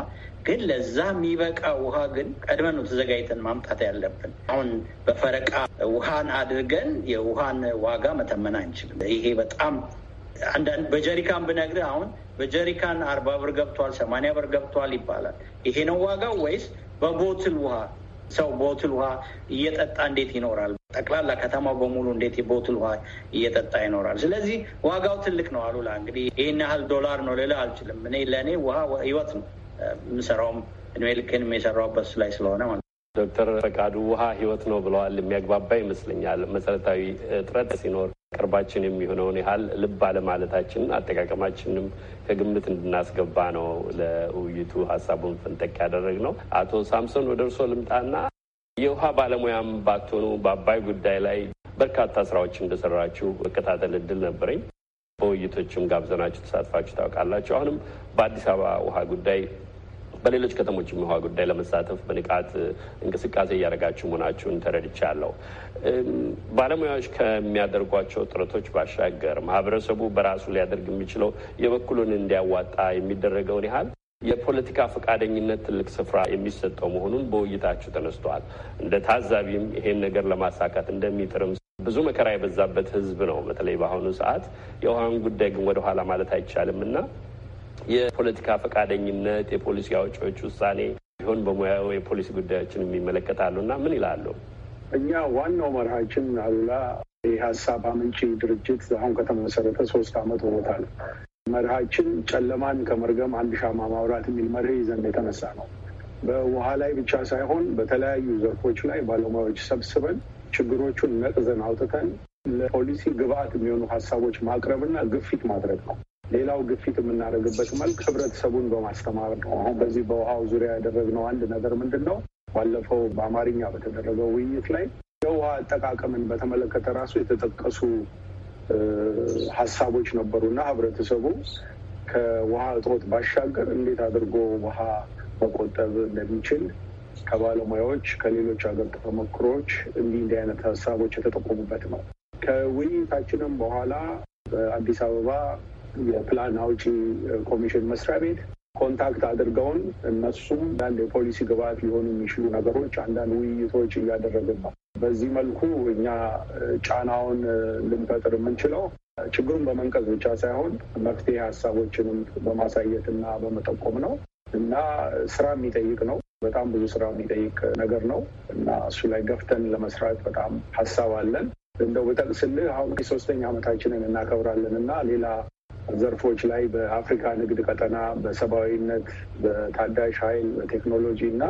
[SPEAKER 2] ግን ለዛ የሚበቃ ውሃ ግን ቀድመን ነው ተዘጋጅተን ማምጣት ያለብን። አሁን በፈረቃ ውሃን አድርገን የውሃን ዋጋ መተመን አንችልም። ይሄ በጣም አንዳንድ በጀሪካን ብነግርህ አሁን በጀሪካን አርባ ብር ገብቷል፣ ሰማንያ ብር ገብቷል ይባላል። ይሄ ነው ዋጋው ወይስ በቦትል ውሃ? ሰው ቦትል ውሃ እየጠጣ እንዴት ይኖራል? ጠቅላላ ከተማ በሙሉ እንዴት የቦትል ውሃ እየጠጣ ይኖራል? ስለዚህ ዋጋው ትልቅ ነው። አሉላ እንግዲህ ይህን ያህል ዶላር ነው ልልህ አልችልም። እኔ ለእኔ
[SPEAKER 3] ውሃ ህይወት ነው። የምሰራውም እድሜ ልክን የሰራውበት ላይ ስለሆነ ማለት ዶክተር ፈቃዱ ውሃ ህይወት ነው ብለዋል። የሚያግባባ ይመስለኛል መሰረታዊ እጥረት ሲኖር ቅርባችን የሚሆነውን ያህል ልብ አለማለታችንን አጠቃቀማችንም ከግምት እንድናስገባ ነው ለውይይቱ ሀሳቡን ፈንጠቅ ያደረግ ነው። አቶ ሳምሶን ወደ እርሶ ልምጣና የውሃ ባለሙያም ባትሆኑ በአባይ ጉዳይ ላይ በርካታ ስራዎች እንደሰራችሁ መከታተል እድል ነበረኝ። በውይይቶችም ጋብዘናችሁ ተሳትፋችሁ ታውቃላችሁ። አሁንም በአዲስ አበባ ውሃ ጉዳይ በሌሎች ከተሞች የውሃ ጉዳይ ለመሳተፍ በንቃት እንቅስቃሴ እያደረጋችሁ መሆናችሁን ተረድቻለሁ። ባለሙያዎች ከሚያደርጓቸው ጥረቶች ባሻገር ማህበረሰቡ በራሱ ሊያደርግ የሚችለው የበኩሉን እንዲያዋጣ የሚደረገውን ያህል የፖለቲካ ፈቃደኝነት ትልቅ ስፍራ የሚሰጠው መሆኑን በውይይታችሁ ተነስተዋል። እንደ ታዛቢም ይሄን ነገር ለማሳካት እንደሚጥርም ብዙ መከራ የበዛበት ህዝብ ነው። በተለይ በአሁኑ ሰዓት የውሃን ጉዳይ ግን ወደኋላ ማለት አይቻልም እና የፖለቲካ ፈቃደኝነት፣ የፖሊሲ አውጪዎች ውሳኔ ቢሆን በሙያው የፖሊሲ ጉዳዮችን የሚመለከታሉ እና ምን ይላሉ?
[SPEAKER 8] እኛ ዋናው መርሃችን አሉላ የሀሳብ አመንጪ ድርጅት አሁን ከተመሰረተ ሶስት አመት ሆኖታል። መርሃችን ጨለማን ከመርገም አንድ ሻማ ማውራት የሚል መርህ ይዘን የተነሳ ነው። በውሃ ላይ ብቻ ሳይሆን በተለያዩ ዘርፎች ላይ ባለሙያዎች ሰብስበን ችግሮቹን ነቅዘን አውጥተን ለፖሊሲ ግብዓት የሚሆኑ ሀሳቦች ማቅረብና ግፊት ማድረግ ነው። ሌላው ግፊት የምናደርግበት መልክ ህብረተሰቡን በማስተማር ነው። አሁን በዚህ በውሃው ዙሪያ ያደረግነው አንድ ነገር ምንድን ነው? ባለፈው በአማርኛ በተደረገው ውይይት ላይ የውሃ አጠቃቀምን በተመለከተ ራሱ የተጠቀሱ ሀሳቦች ነበሩና ህብረተሰቡ ከውሃ እጦት ባሻገር እንዴት አድርጎ ውሃ መቆጠብ እንደሚችል ከባለሙያዎች ከሌሎች ሀገር ተሞክሮዎች እንዲህ እንዲህ አይነት ሀሳቦች የተጠቆሙበት ነው። ከውይይታችንም በኋላ በአዲስ አበባ የፕላን አውጪ ኮሚሽን መስሪያ ቤት ኮንታክት አድርገውን እነሱም አንዳንድ የፖሊሲ ግብዓት ሊሆኑ የሚችሉ ነገሮች አንዳንድ ውይይቶች እያደረግን ነው። በዚህ መልኩ እኛ ጫናውን ልንፈጥር የምንችለው ችግሩን በመንቀዝ ብቻ ሳይሆን መፍትሄ ሀሳቦችንም በማሳየት እና በመጠቆም ነው እና ስራ የሚጠይቅ ነው። በጣም ብዙ ስራ የሚጠይቅ ነገር ነው እና እሱ ላይ ገፍተን ለመስራት በጣም ሀሳብ አለን። እንደው ብጠቅስልህ አሁን ሶስተኛ ዓመታችንን እናከብራለን እና ሌላ ዘርፎች ላይ በአፍሪካ ንግድ ቀጠና፣ በሰብአዊነት፣ በታዳሽ ኃይል፣ በቴክኖሎጂ እና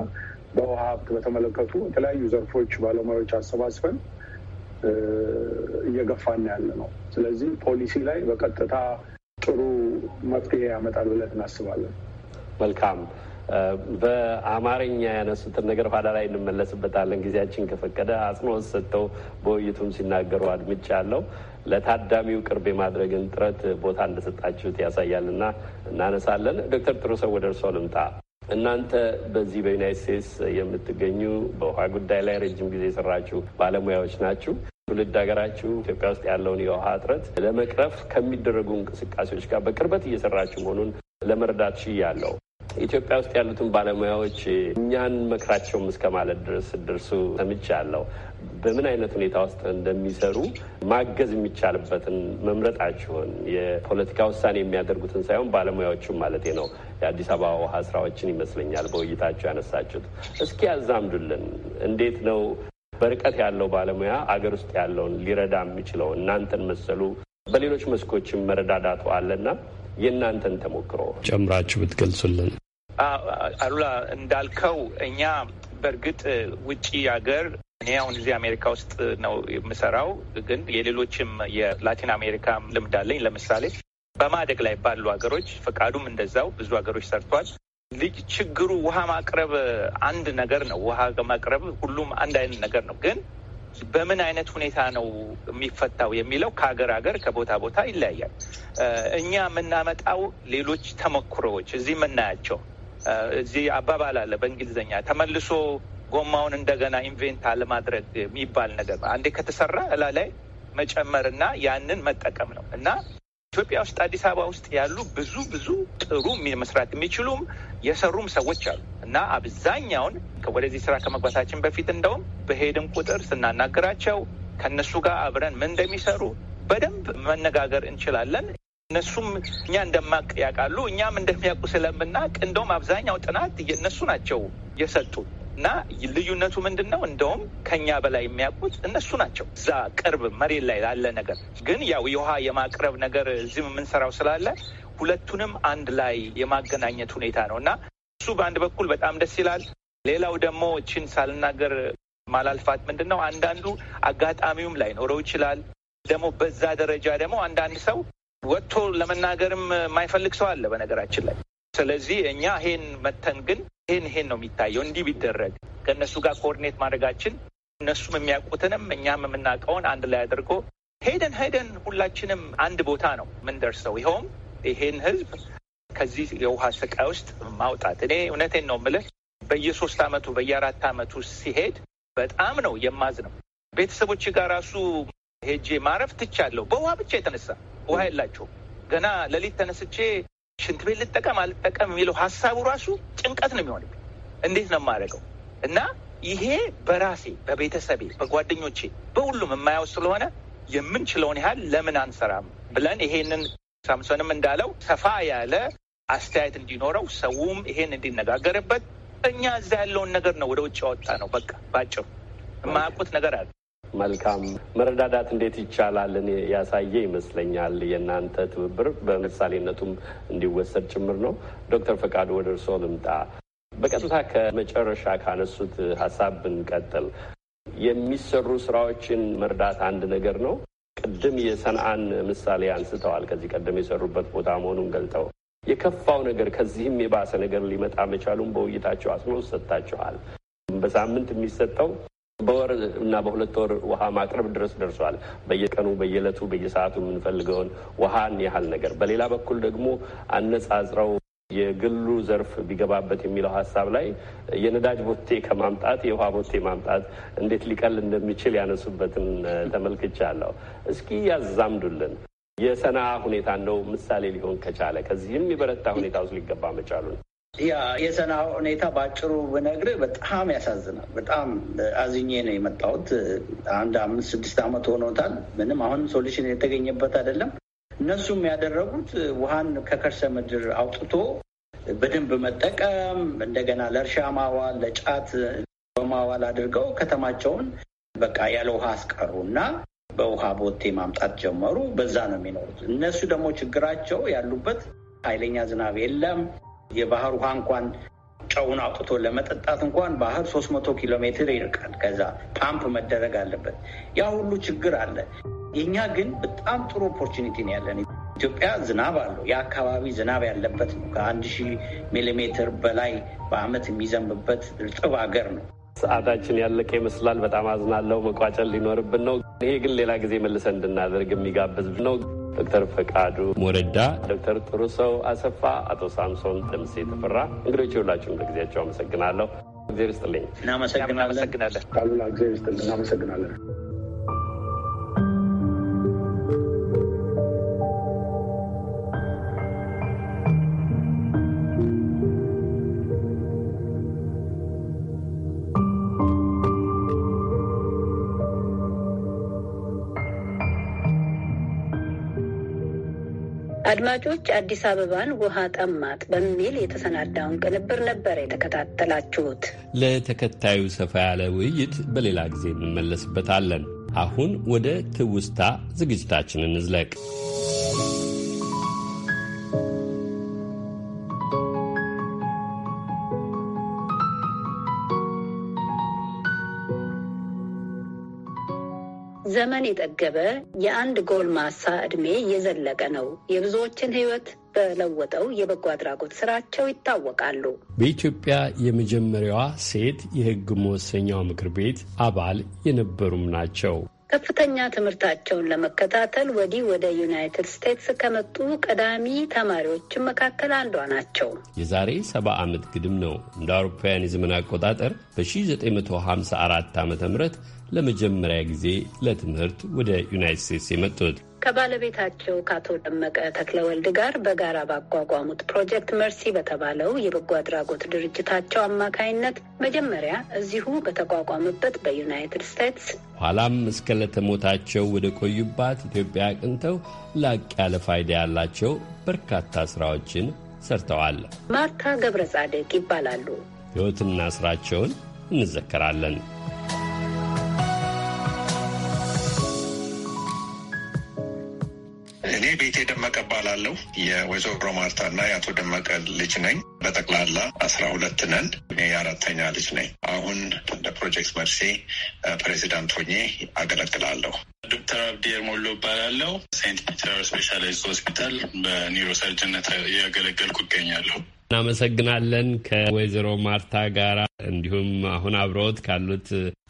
[SPEAKER 8] በውሃ ሀብት በተመለከቱ የተለያዩ ዘርፎች ባለሙያዎች አሰባስበን እየገፋን ያለ ነው።
[SPEAKER 3] ስለዚህ ፖሊሲ ላይ በቀጥታ ጥሩ መፍትሄ ያመጣል ብለን እናስባለን። መልካም። በአማርኛ ያነሱትን ነገር ኋላ ላይ እንመለስበታለን፣ ጊዜያችን ከፈቀደ። አጽንኦት ሰጥተው በውይይቱም ሲናገሩ አድምጫ አለው። ለታዳሚው ቅርብ የማድረግን ጥረት ቦታ እንደሰጣችሁት ያሳያልና እናነሳለን። ዶክተር ጥሩሰው ወደ እርሶ ልምጣ። እናንተ በዚህ በዩናይት ስቴትስ የምትገኙ በውሃ ጉዳይ ላይ ረጅም ጊዜ የሰራችሁ ባለሙያዎች ናችሁ። ትውልድ ሀገራችሁ ኢትዮጵያ ውስጥ ያለውን የውሃ እጥረት ለመቅረፍ ከሚደረጉ እንቅስቃሴዎች ጋር በቅርበት እየሰራችሁ መሆኑን ለመረዳት ያለው ኢትዮጵያ ውስጥ ያሉትን ባለሙያዎች እኛን መክራቸውም እስከ ማለት ድረስ ደርሱ ሰምቻለሁ። በምን አይነት ሁኔታ ውስጥ እንደሚሰሩ ማገዝ የሚቻልበትን መምረጣችሁን የፖለቲካ ውሳኔ የሚያደርጉትን ሳይሆን ባለሙያዎቹን ማለት ነው። የአዲስ አበባ ውሃ ስራዎችን ይመስለኛል በውይይታችሁ ያነሳችሁት። እስኪ ያዛምዱልን። እንዴት ነው በርቀት ያለው ባለሙያ አገር ውስጥ ያለውን ሊረዳ የሚችለው? እናንተን መሰሉ በሌሎች መስኮችም መረዳዳቱ አለና የእናንተን ተሞክሮ ጨምራችሁ ብትገልጹልን። አሉላ እንዳልከው እኛ በእርግጥ ውጪ
[SPEAKER 1] አገር እኔ አሁን እዚህ አሜሪካ ውስጥ ነው የምሰራው፣ ግን የሌሎችም የላቲን አሜሪካ ልምድ አለኝ። ለምሳሌ በማደግ ላይ ባሉ ሀገሮች ፈቃዱም እንደዛው ብዙ ሀገሮች ሰርቷል። ልጅ ችግሩ ውሃ ማቅረብ አንድ ነገር ነው። ውሃ ማቅረብ ሁሉም አንድ አይነት ነገር ነው። ግን በምን አይነት ሁኔታ ነው የሚፈታው የሚለው ከሀገር ሀገር ከቦታ ቦታ ይለያያል። እኛ የምናመጣው ሌሎች ተሞክሮዎች እዚህ የምናያቸው እዚህ አባባል አለ በእንግሊዝኛ ተመልሶ ጎማውን እንደገና ኢንቬንታ ለማድረግ የሚባል ነገር አንዴ ከተሰራ እላ ላይ መጨመርና ያንን መጠቀም ነው እና ኢትዮጵያ ውስጥ አዲስ አበባ ውስጥ ያሉ ብዙ ብዙ ጥሩ መስራት የሚችሉም የሰሩም ሰዎች አሉ እና አብዛኛውን ወደዚህ ስራ ከመግባታችን በፊት እንደውም በሄድን ቁጥር ስናናገራቸው ከነሱ ጋር አብረን ምን እንደሚሰሩ በደንብ መነጋገር እንችላለን። እነሱም እኛ እንደማቅ ያውቃሉ፣ እኛም እንደሚያውቁ ስለምናቅ እንደውም አብዛኛው ጥናት እነሱ ናቸው የሰጡ እና ልዩነቱ ምንድን ነው? እንደውም ከኛ በላይ የሚያውቁት እነሱ ናቸው። እዛ ቅርብ መሬት ላይ ላለ ነገር ግን ያው የውሃ የማቅረብ ነገር እዚህም የምንሰራው ስላለ ሁለቱንም አንድ ላይ የማገናኘት ሁኔታ ነው እና እሱ በአንድ በኩል በጣም ደስ ይላል። ሌላው ደግሞ ችን ሳልናገር ማላልፋት ምንድን ነው አንዳንዱ አጋጣሚውም ላይኖረው ይችላል። ደግሞ በዛ ደረጃ ደግሞ አንዳንድ ሰው ወጥቶ ለመናገርም የማይፈልግ ሰው አለ። በነገራችን ላይ ስለዚህ እኛ ይሄን መተን ግን ይሄን ይሄን ነው የሚታየው እንዲህ ቢደረግ ከእነሱ ጋር ኮኦርዲኔት ማድረጋችን እነሱም የሚያውቁትንም እኛም የምናውቀውን አንድ ላይ አድርጎ ሄደን ሄደን ሁላችንም አንድ ቦታ ነው ምንደርሰው ይኸውም ይሄን ህዝብ ከዚህ የውሃ ስቃይ ውስጥ ማውጣት። እኔ እውነቴን ነው ምልህ በየሶስት ዓመቱ በየአራት አመቱ ሲሄድ በጣም ነው የማዝ ነው። ቤተሰቦች ጋር ራሱ ሄጄ ማረፍ ትቻለሁ። በውሃ ብቻ የተነሳ ውሃ የላቸው ገና ለሊት ተነስቼ ሽንት ቤት ልጠቀም አልጠቀም የሚለው ሀሳቡ ራሱ ጭንቀት ነው የሚሆንብኝ። እንዴት ነው የማደርገው? እና ይሄ በራሴ በቤተሰቤ በጓደኞቼ በሁሉም የማየው ስለሆነ የምንችለውን ያህል ለምን አንሰራም ብለን ይሄንን ሳምሶንም እንዳለው ሰፋ ያለ አስተያየት እንዲኖረው ሰውም ይሄን እንዲነጋገርበት እኛ እዛ ያለውን ነገር ነው ወደ ውጭ ያወጣ ነው። በቃ ባጭሩ
[SPEAKER 3] የማያውቁት ነገር አለ። መልካም መረዳዳት እንዴት ይቻላልን ያሳየ ይመስለኛል የእናንተ ትብብር በምሳሌነቱም እንዲወሰድ ጭምር ነው። ዶክተር ፈቃዱ ወደ እርስዎ ልምጣ። በቀጥታ ከመጨረሻ ካነሱት ሀሳብ ብንቀጥል የሚሰሩ ስራዎችን መርዳት አንድ ነገር ነው። ቅድም የሰንአን ምሳሌ አንስተዋል። ከዚህ ቀደም የሰሩበት ቦታ መሆኑን ገልጠው የከፋው ነገር ከዚህም የባሰ ነገር ሊመጣ መቻሉን በውይይታቸው አጽንኦት ሰጥታችኋል። በሳምንት የሚሰጠው በወር እና በሁለት ወር ውሃ ማቅረብ ድረስ ደርሷል። በየቀኑ በየዕለቱ በየሰዓቱ የምንፈልገውን ውሃን ያህል ነገር በሌላ በኩል ደግሞ አነጻጽረው የግሉ ዘርፍ ቢገባበት የሚለው ሀሳብ ላይ የነዳጅ ቦቴ ከማምጣት የውሃ ቦቴ ማምጣት እንዴት ሊቀል እንደሚችል ያነሱበትን ተመልክቻለሁ። እስኪ ያዛምዱልን። የሰና ሁኔታ እንደው ምሳሌ ሊሆን ከቻለ ከዚህም የበረታ ሁኔታ ውስጥ ሊገባ መቻሉን
[SPEAKER 2] ያ የሰና ሁኔታ በአጭሩ ብነግርህ በጣም ያሳዝናል። በጣም አዝኜ ነው የመጣሁት። አንድ አምስት ስድስት ዓመት ሆኖታል። ምንም አሁንም ሶሉሽን የተገኘበት አይደለም። እነሱም ያደረጉት ውሃን ከከርሰ ምድር አውጥቶ በደንብ መጠቀም፣ እንደገና ለእርሻ ማዋል፣ ለጫት በማዋል አድርገው ከተማቸውን በቃ ያለ ውሃ አስቀሩ እና በውሃ ቦቴ ማምጣት ጀመሩ። በዛ ነው የሚኖሩት። እነሱ ደግሞ ችግራቸው ያሉበት ኃይለኛ ዝናብ የለም የባህር ውሃ እንኳን ጨውን አውጥቶ ለመጠጣት እንኳን ባህር ሶስት መቶ ኪሎ ሜትር ይርቃል። ከዛ ፓምፕ መደረግ አለበት። ያ ሁሉ ችግር አለ። የእኛ ግን በጣም ጥሩ ኦፖርቹኒቲ ነው ያለን። ኢትዮጵያ ዝናብ አለው። የአካባቢ ዝናብ ያለበት ነው። ከአንድ ሺህ
[SPEAKER 3] ሚሊሜትር በላይ በአመት የሚዘንብበት እርጥብ ሀገር ነው። ሰዓታችን ያለቀ ይመስላል። በጣም አዝናለው። መቋጨል ሊኖርብን ነው። ይሄ ግን ሌላ ጊዜ መልሰን እንድናደርግ የሚጋብዝ ነው። ዶክተር ፈቃዱ ሞረዳ፣ ዶክተር ጥሩ ሰው አሰፋ፣ አቶ ሳምሶን ደምሴ የተፈራ እንግዶች ሁላችሁም ለጊዜያቸው አመሰግናለሁ። እግዚአብሔር ይስጥልኝ። እናመሰግናለን። አሉላ እግዚአብሔር ይስጥልኝ። እናመሰግናለን።
[SPEAKER 4] አድማጮች አዲስ አበባን ውሃ ጠማት በሚል የተሰናዳውን ቅንብር ነበር የተከታተላችሁት።
[SPEAKER 3] ለተከታዩ ሰፋ ያለ ውይይት በሌላ ጊዜ እንመለስበታለን። አሁን ወደ ትውስታ ዝግጅታችንን እንዝለቅ።
[SPEAKER 4] ዘመን የጠገበ የአንድ ጎልማሳ ዕድሜ የዘለቀ ነው። የብዙዎችን ሕይወት በለወጠው የበጎ አድራጎት ስራቸው ይታወቃሉ።
[SPEAKER 3] በኢትዮጵያ የመጀመሪያዋ ሴት የሕግ መወሰኛው ምክር ቤት አባል የነበሩም ናቸው።
[SPEAKER 4] ከፍተኛ ትምህርታቸውን ለመከታተል ወዲህ ወደ ዩናይትድ ስቴትስ ከመጡ ቀዳሚ ተማሪዎች መካከል አንዷ ናቸው።
[SPEAKER 3] የዛሬ ሰባ ዓመት ግድም ነው እንደ አውሮፓውያን የዘመን አቆጣጠር በ1954 ዓ ም ለመጀመሪያ ጊዜ ለትምህርት ወደ ዩናይት ስቴትስ የመጡት
[SPEAKER 4] ከባለቤታቸው ከአቶ ደመቀ ተክለወልድ ጋር በጋራ ባቋቋሙት ፕሮጀክት መርሲ በተባለው የበጎ አድራጎት ድርጅታቸው አማካይነት መጀመሪያ እዚሁ በተቋቋመበት በዩናይትድ ስቴትስ
[SPEAKER 3] ኋላም እስከ ለተሞታቸው ወደ ቆዩባት ኢትዮጵያ አቅንተው ላቅ ያለ ፋይዳ ያላቸው በርካታ ስራዎችን ሰርተዋል።
[SPEAKER 4] ማርታ ገብረ ጻድቅ ይባላሉ።
[SPEAKER 3] ሕይወትና ስራቸውን እንዘከራለን።
[SPEAKER 5] አለው የወይዘሮ ማርታና የአቶ ደመቀ ልጅ ነኝ። በጠቅላላ አስራ ሁለት ነን። እኔ የአራተኛ ልጅ ነኝ። አሁን እንደ ፕሮጀክት መርሴ ፕሬዚዳንት ሆኜ አገለግላለሁ።
[SPEAKER 6] ዶክተር አብዲር ሞሎ እባላለሁ። ሴንት ፒተር ስፔሻላይዝድ ሆስፒታል በኒውሮሰርጅነት እያገለገልኩ ይገኛለሁ።
[SPEAKER 3] እናመሰግናለን። ከወይዘሮ ማርታ ጋራ እንዲሁም አሁን አብረውት ካሉት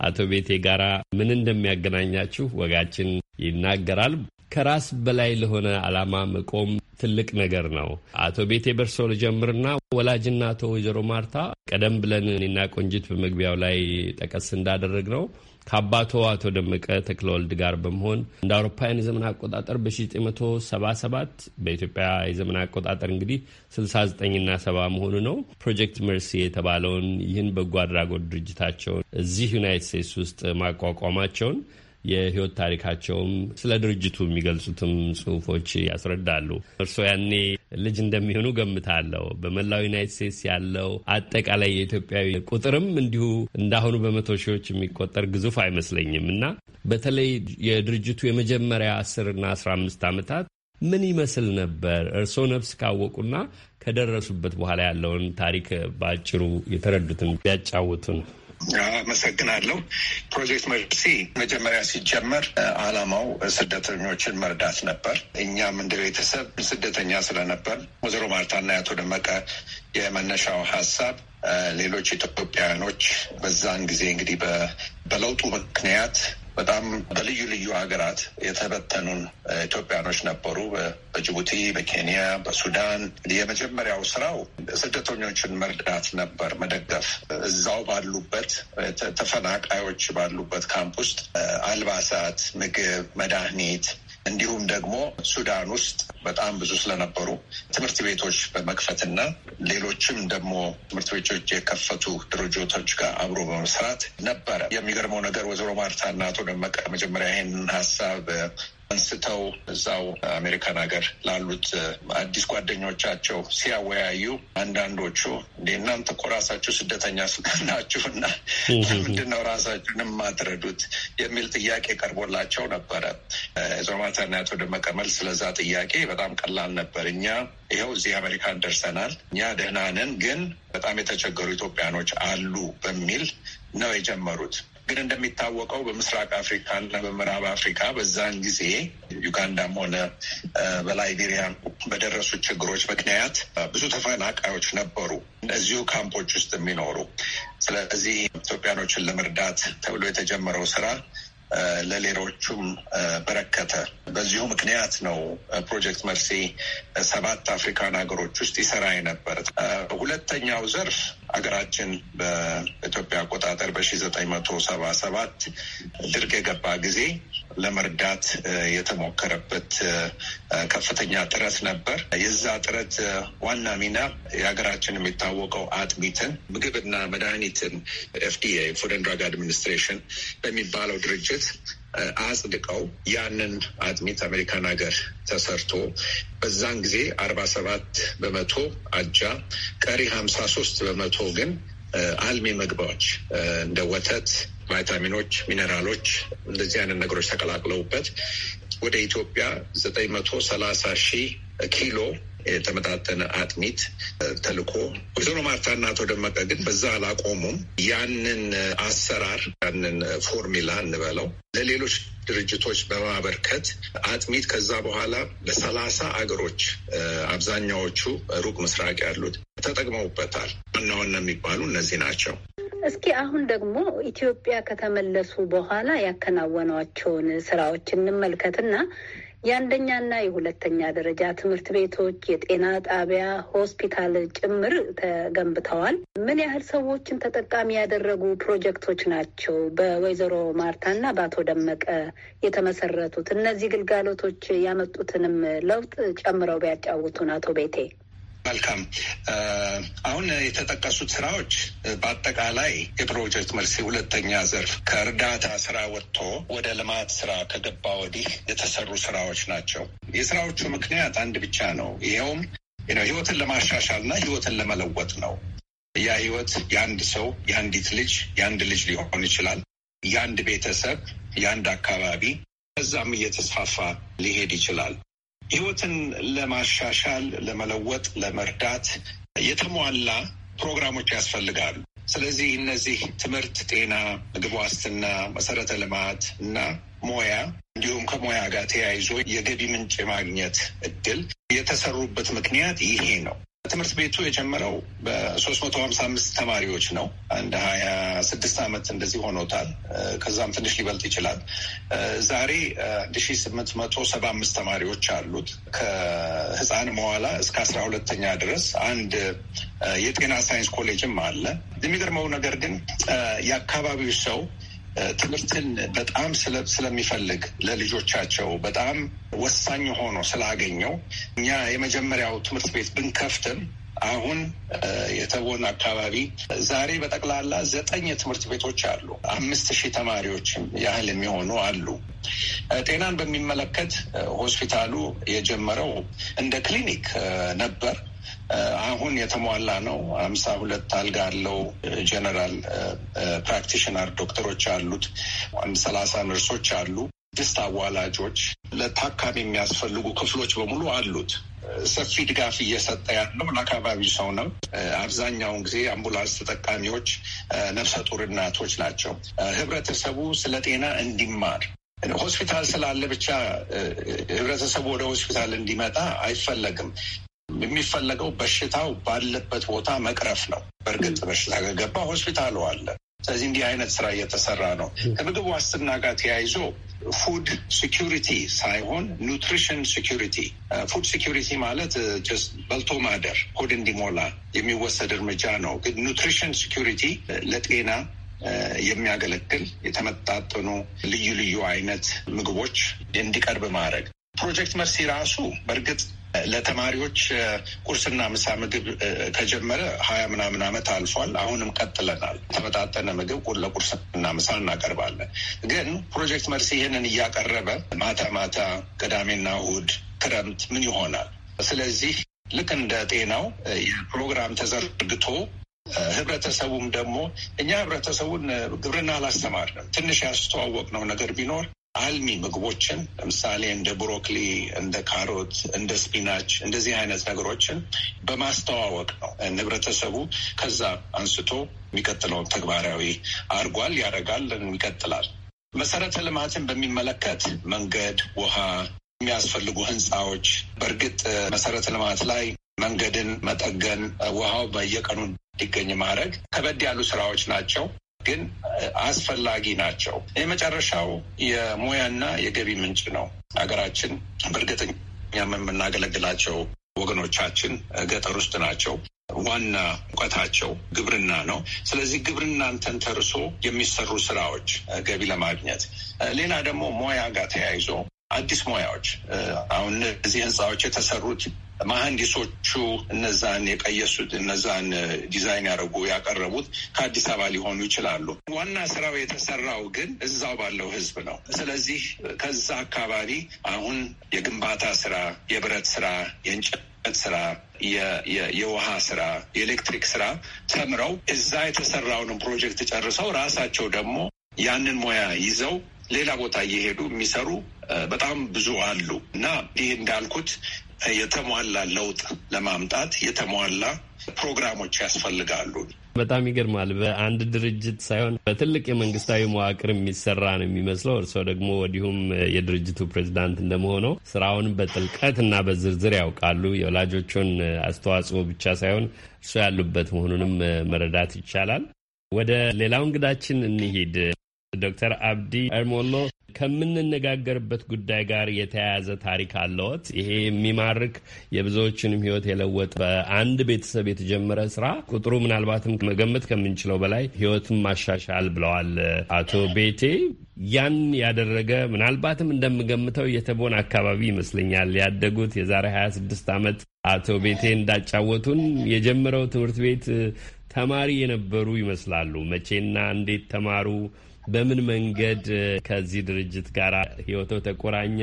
[SPEAKER 3] አቶ ቤቴ ጋራ ምን እንደሚያገናኛችሁ ወጋችን ይናገራል። ከራስ በላይ ለሆነ ዓላማ መቆም ትልቅ ነገር ነው። አቶ ቤቴ በርሶ ልጀምርና ወላጅና አቶ ወይዘሮ ማርታ ቀደም ብለን እኔና ቆንጅት በመግቢያው ላይ ጠቀስ እንዳደረግ ነው ከአባቶ አቶ ደመቀ ተክለወልድ ጋር በመሆን እንደ አውሮፓውያን የዘመን አቆጣጠር በ1977 በኢትዮጵያ የዘመን አቆጣጠር እንግዲህ 69ና 70 መሆኑ ነው ፕሮጀክት መርሲ የተባለውን ይህን በጎ አድራጎት ድርጅታቸውን እዚህ ዩናይት ስቴትስ ውስጥ ማቋቋማቸውን የህይወት ታሪካቸውም ስለ ድርጅቱ የሚገልጹትም ጽሁፎች ያስረዳሉ። እርስዎ ያኔ ልጅ እንደሚሆኑ ገምታለሁ። በመላው ዩናይት ስቴትስ ያለው አጠቃላይ የኢትዮጵያዊ ቁጥርም እንዲሁ እንዳሁኑ በመቶ ሺዎች የሚቆጠር ግዙፍ አይመስለኝም እና በተለይ የድርጅቱ የመጀመሪያ አስርና አስራ አምስት ዓመታት ምን ይመስል ነበር? እርስዎ ነፍስ ካወቁና ከደረሱበት በኋላ ያለውን ታሪክ በአጭሩ የተረዱትን ቢያጫውቱን።
[SPEAKER 5] አመሰግናለሁ። ፕሮጀክት መርሲ መጀመሪያ ሲጀመር አላማው ስደተኞችን መርዳት ነበር። እኛም እንደ ቤተሰብ ስደተኛ ስለነበር ወይዘሮ ማርታና የአቶ ደመቀ የመነሻው ሀሳብ ሌሎች ኢትዮጵያውያኖች በዛን ጊዜ እንግዲህ በለውጡ ምክንያት በጣም በልዩ ልዩ ሀገራት የተበተኑን ኢትዮጵያኖች ነበሩ። በጅቡቲ፣ በኬንያ፣ በሱዳን። የመጀመሪያው ስራው ስደተኞችን መርዳት ነበር፣ መደገፍ። እዛው ባሉበት ተፈናቃዮች ባሉበት ካምፕ ውስጥ አልባሳት፣ ምግብ፣ መድኃኒት እንዲሁም ደግሞ ሱዳን ውስጥ በጣም ብዙ ስለነበሩ ትምህርት ቤቶች በመክፈትና ሌሎችም ደግሞ ትምህርት ቤቶች የከፈቱ ድርጅቶች ጋር አብሮ በመስራት ነበረ። የሚገርመው ነገር ወይዘሮ ማርታ እና አቶ ደመቀ መጀመሪያ ይህንን ሀሳብ አንስተው እዛው አሜሪካን ሀገር ላሉት አዲስ ጓደኞቻቸው ሲያወያዩ
[SPEAKER 7] አንዳንዶቹ እንደ እናንተ እኮ ራሳችሁ ስደተኛ ናችሁ እና ለምንድን ነው
[SPEAKER 5] ራሳችሁን የማትረዱት የሚል ጥያቄ ቀርቦላቸው ነበረ። ዞማታና አቶ ደመቀ መልስ ስለዛ ጥያቄ በጣም ቀላል ነበር። እኛ ይኸው እዚህ አሜሪካን ደርሰናል፣ እኛ ደህና ነን፣ ግን በጣም የተቸገሩ ኢትዮጵያኖች አሉ በሚል ነው የጀመሩት። ግን እንደሚታወቀው በምስራቅ አፍሪካ እና በምዕራብ አፍሪካ በዛን ጊዜ ዩጋንዳም ሆነ በላይቤሪያ በደረሱ ችግሮች ምክንያት ብዙ ተፈናቃዮች ነበሩ እዚሁ ካምፖች ውስጥ የሚኖሩ። ስለዚህ ኢትዮጵያኖችን ለመርዳት ተብሎ የተጀመረው ስራ ለሌሎቹም በረከተ። በዚሁ ምክንያት ነው ፕሮጀክት መርሲ ሰባት አፍሪካን ሀገሮች ውስጥ ይሰራ የነበር። ሁለተኛው ዘርፍ ሀገራችን በኢትዮጵያ አቆጣጠር በሺ ዘጠኝ መቶ ሰባ ሰባት ድርቅ የገባ ጊዜ ለመርዳት የተሞከረበት ከፍተኛ ጥረት ነበር። የዛ ጥረት ዋና ሚና የሀገራችን የሚታወቀው አጥሚትን ምግብና መድኃኒትን ኤፍዲኤ ፉድ ኤንድ ድራግ አድሚኒስትሬሽን በሚባለው ድርጅት አጽድቀው ያንን አጥሚት አሜሪካን ሀገር ተሰርቶ በዛን ጊዜ አርባ ሰባት በመቶ አጃ ቀሪ ሀምሳ ሶስት በመቶ ግን አልሚ ምግባዎች እንደ ወተት፣ ቫይታሚኖች፣ ሚነራሎች እንደዚህ አይነት ነገሮች ተቀላቅለውበት ወደ ኢትዮጵያ ዘጠኝ መቶ ሰላሳ ሺህ ኪሎ የተመጣጠነ አጥሚት ተልኮ ወይዘሮ ማርታና አቶ ደመቀ ግን በዛ አላቆሙም። ያንን አሰራር ያንን ፎርሚላ እንበለው ለሌሎች ድርጅቶች በማበርከት አጥሚት ከዛ በኋላ ለሰላሳ አገሮች አብዛኛዎቹ ሩቅ ምስራቅ ያሉት ተጠቅመውበታል። ዋና ዋና የሚባሉ እነዚህ ናቸው።
[SPEAKER 4] እስኪ አሁን ደግሞ ኢትዮጵያ ከተመለሱ በኋላ ያከናወኗቸውን ስራዎች እንመልከትና የአንደኛና የሁለተኛ ደረጃ ትምህርት ቤቶች፣ የጤና ጣቢያ፣ ሆስፒታል ጭምር ተገንብተዋል። ምን ያህል ሰዎችን ተጠቃሚ ያደረጉ ፕሮጀክቶች ናቸው በወይዘሮ ማርታና በአቶ ደመቀ የተመሰረቱት? እነዚህ ግልጋሎቶች ያመጡትንም ለውጥ ጨምረው ቢያጫውቱን አቶ ቤቴ።
[SPEAKER 5] መልካም። አሁን የተጠቀሱት ስራዎች በአጠቃላይ የፕሮጀክት መልስ ሁለተኛ ዘርፍ ከእርዳታ ስራ ወጥቶ ወደ ልማት ስራ ከገባ ወዲህ የተሰሩ ስራዎች ናቸው። የስራዎቹ ምክንያት አንድ ብቻ ነው። ይኸውም ህይወትን ለማሻሻል እና ህይወትን ለመለወጥ ነው። ያ ህይወት የአንድ ሰው የአንዲት ልጅ የአንድ ልጅ ሊሆን ይችላል። የአንድ ቤተሰብ፣ የአንድ አካባቢ ከዛም እየተስፋፋ ሊሄድ ይችላል። ህይወትን ለማሻሻል፣ ለመለወጥ፣ ለመርዳት የተሟላ ፕሮግራሞች ያስፈልጋሉ። ስለዚህ እነዚህ ትምህርት፣ ጤና፣ ምግብ ዋስትና፣ መሰረተ ልማት እና ሙያ እንዲሁም ከሙያ ጋር ተያይዞ የገቢ ምንጭ የማግኘት እድል የተሰሩበት ምክንያት ይሄ ነው። ትምህርት ቤቱ የጀመረው በሶስት መቶ ሀምሳ አምስት ተማሪዎች ነው። አንድ ሀያ ስድስት ዓመት እንደዚህ ሆኖታል። ከዛም ትንሽ ሊበልጥ ይችላል። ዛሬ አንድ ሺ ስምንት መቶ ሰባ አምስት ተማሪዎች አሉት። ከህፃን መዋላ እስከ አስራ ሁለተኛ ድረስ አንድ የጤና ሳይንስ ኮሌጅም አለ። የሚገርመው ነገር ግን የአካባቢው ሰው ትምህርትን በጣም ስለሚፈልግ ለልጆቻቸው በጣም ወሳኝ ሆኖ ስላገኘው እኛ የመጀመሪያው ትምህርት ቤት ብንከፍትም አሁን የተቦን አካባቢ ዛሬ በጠቅላላ ዘጠኝ ትምህርት ቤቶች አሉ። አምስት ሺህ ተማሪዎች ያህል የሚሆኑ አሉ። ጤናን በሚመለከት ሆስፒታሉ የጀመረው እንደ ክሊኒክ ነበር። አሁን የተሟላ ነው። አምሳ ሁለት አልጋ አለው። ጀነራል ፕራክቲሽነር ዶክተሮች አሉት። አንድ ሰላሳ ነርሶች አሉ። ስድስት አዋላጆች ለታካሚ የሚያስፈልጉ ክፍሎች በሙሉ አሉት። ሰፊ ድጋፍ እየሰጠ ያለው ለአካባቢ ሰው ነው። አብዛኛውን ጊዜ አምቡላንስ ተጠቃሚዎች ነፍሰ ጡር እናቶች ናቸው። ህብረተሰቡ ስለ ጤና እንዲማር ሆስፒታል ስላለ ብቻ ህብረተሰቡ ወደ ሆስፒታል እንዲመጣ አይፈለግም። የሚፈለገው በሽታው ባለበት ቦታ መቅረፍ ነው። በእርግጥ በሽታ ከገባ ሆስፒታሉ አለ። ስለዚህ እንዲህ አይነት ስራ እየተሰራ ነው። ከምግብ ዋስትና ጋር ተያይዞ ፉድ ሴኪሪቲ ሳይሆን ኑትሪሽን ሴኪሪቲ። ፉድ ሴኪሪቲ ማለት በልቶ ማደር ሆድ እንዲሞላ የሚወሰድ እርምጃ ነው። ግን ኑትሪሽን ሴኪሪቲ ለጤና የሚያገለግል የተመጣጠኑ ልዩ ልዩ አይነት ምግቦች እንዲቀርብ ማድረግ ፕሮጀክት መርሲ ራሱ በእርግጥ ለተማሪዎች ቁርስና ምሳ ምግብ ከጀመረ ሀያ ምናምን ዓመት አልፏል። አሁንም ቀጥለናል። ተመጣጠነ ምግብ ለቁርስና ምሳ እናቀርባለን። ግን ፕሮጀክት መርሲ ይህንን እያቀረበ ማታ ማታ ቅዳሜና እሁድ ክረምት ምን ይሆናል? ስለዚህ ልክ እንደ ጤናው ፕሮግራም ተዘርግቶ ህብረተሰቡም ደግሞ እኛ ህብረተሰቡን ግብርና አላስተማርንም። ትንሽ ያስተዋወቅ ነው ነገር ቢኖር አልሚ ምግቦችን ለምሳሌ እንደ ብሮኮሊ፣ እንደ ካሮት፣ እንደ ስፒናች እንደዚህ አይነት ነገሮችን በማስተዋወቅ ነው ንብረተሰቡ ከዛ አንስቶ የሚቀጥለውን ተግባራዊ አድርጓል፣ ያደርጋል፣ ይቀጥላል። መሰረተ ልማትን በሚመለከት መንገድ፣ ውሃ፣ የሚያስፈልጉ ህንፃዎች በእርግጥ መሰረተ ልማት ላይ መንገድን መጠገን፣ ውሃው በየቀኑ እንዲገኝ ማድረግ ከበድ ያሉ ስራዎች ናቸው። ግን አስፈላጊ ናቸው። የመጨረሻው የሙያና የገቢ ምንጭ ነው። ሀገራችን በእርግጠኛ የምናገለግላቸው ወገኖቻችን ገጠር ውስጥ ናቸው። ዋና እውቀታቸው ግብርና ነው። ስለዚህ ግብርናን ተንተርሶ የሚሰሩ ስራዎች ገቢ ለማግኘት ሌላ ደግሞ ሙያ ጋር ተያይዞ አዲስ ሙያዎች አሁን እነዚህ ህንፃዎች የተሰሩት መሀንዲሶቹ እነዛን የቀየሱት እነዛን ዲዛይን ያደረጉ ያቀረቡት ከአዲስ አበባ ሊሆኑ ይችላሉ። ዋና ስራው የተሰራው ግን እዛው ባለው ህዝብ ነው። ስለዚህ ከዛ አካባቢ አሁን የግንባታ ስራ፣ የብረት ስራ፣ የእንጨት ስራ፣ የውሃ ስራ፣ የኤሌክትሪክ ስራ ተምረው እዛ የተሰራውን ፕሮጀክት ጨርሰው ራሳቸው ደግሞ ያንን ሙያ ይዘው ሌላ ቦታ እየሄዱ የሚሰሩ በጣም ብዙ አሉ እና ይህ እንዳልኩት የተሟላ ለውጥ ለማምጣት የተሟላ ፕሮግራሞች ያስፈልጋሉ።
[SPEAKER 3] በጣም ይገርማል። በአንድ ድርጅት ሳይሆን በትልቅ የመንግስታዊ መዋቅር የሚሰራ ነው የሚመስለው። እርስዎ ደግሞ ወዲሁም የድርጅቱ ፕሬዚዳንት እንደመሆነው ስራውን በጥልቀት እና በዝርዝር ያውቃሉ። የወላጆቹን አስተዋጽኦ ብቻ ሳይሆን እርስዎ ያሉበት መሆኑንም መረዳት ይቻላል። ወደ ሌላው እንግዳችን እንሂድ። ዶክተር አብዲ አርሞኖ ከምንነጋገርበት ጉዳይ ጋር የተያያዘ ታሪክ አለዎት። ይሄ የሚማርክ የብዙዎችንም ሕይወት የለወጠ በአንድ ቤተሰብ የተጀመረ ስራ ቁጥሩ ምናልባትም መገመት ከምንችለው በላይ ሕይወትም ማሻሻል ብለዋል አቶ ቤቴ። ያን ያደረገ ምናልባትም እንደምገምተው የተቦን አካባቢ ይመስለኛል ያደጉት። የዛሬ 26 ዓመት አቶ ቤቴ እንዳጫወቱን የጀመረው ትምህርት ቤት ተማሪ የነበሩ ይመስላሉ። መቼና እንዴት ተማሩ? በምን መንገድ ከዚህ ድርጅት ጋር ህይወተው ተቆራኘ?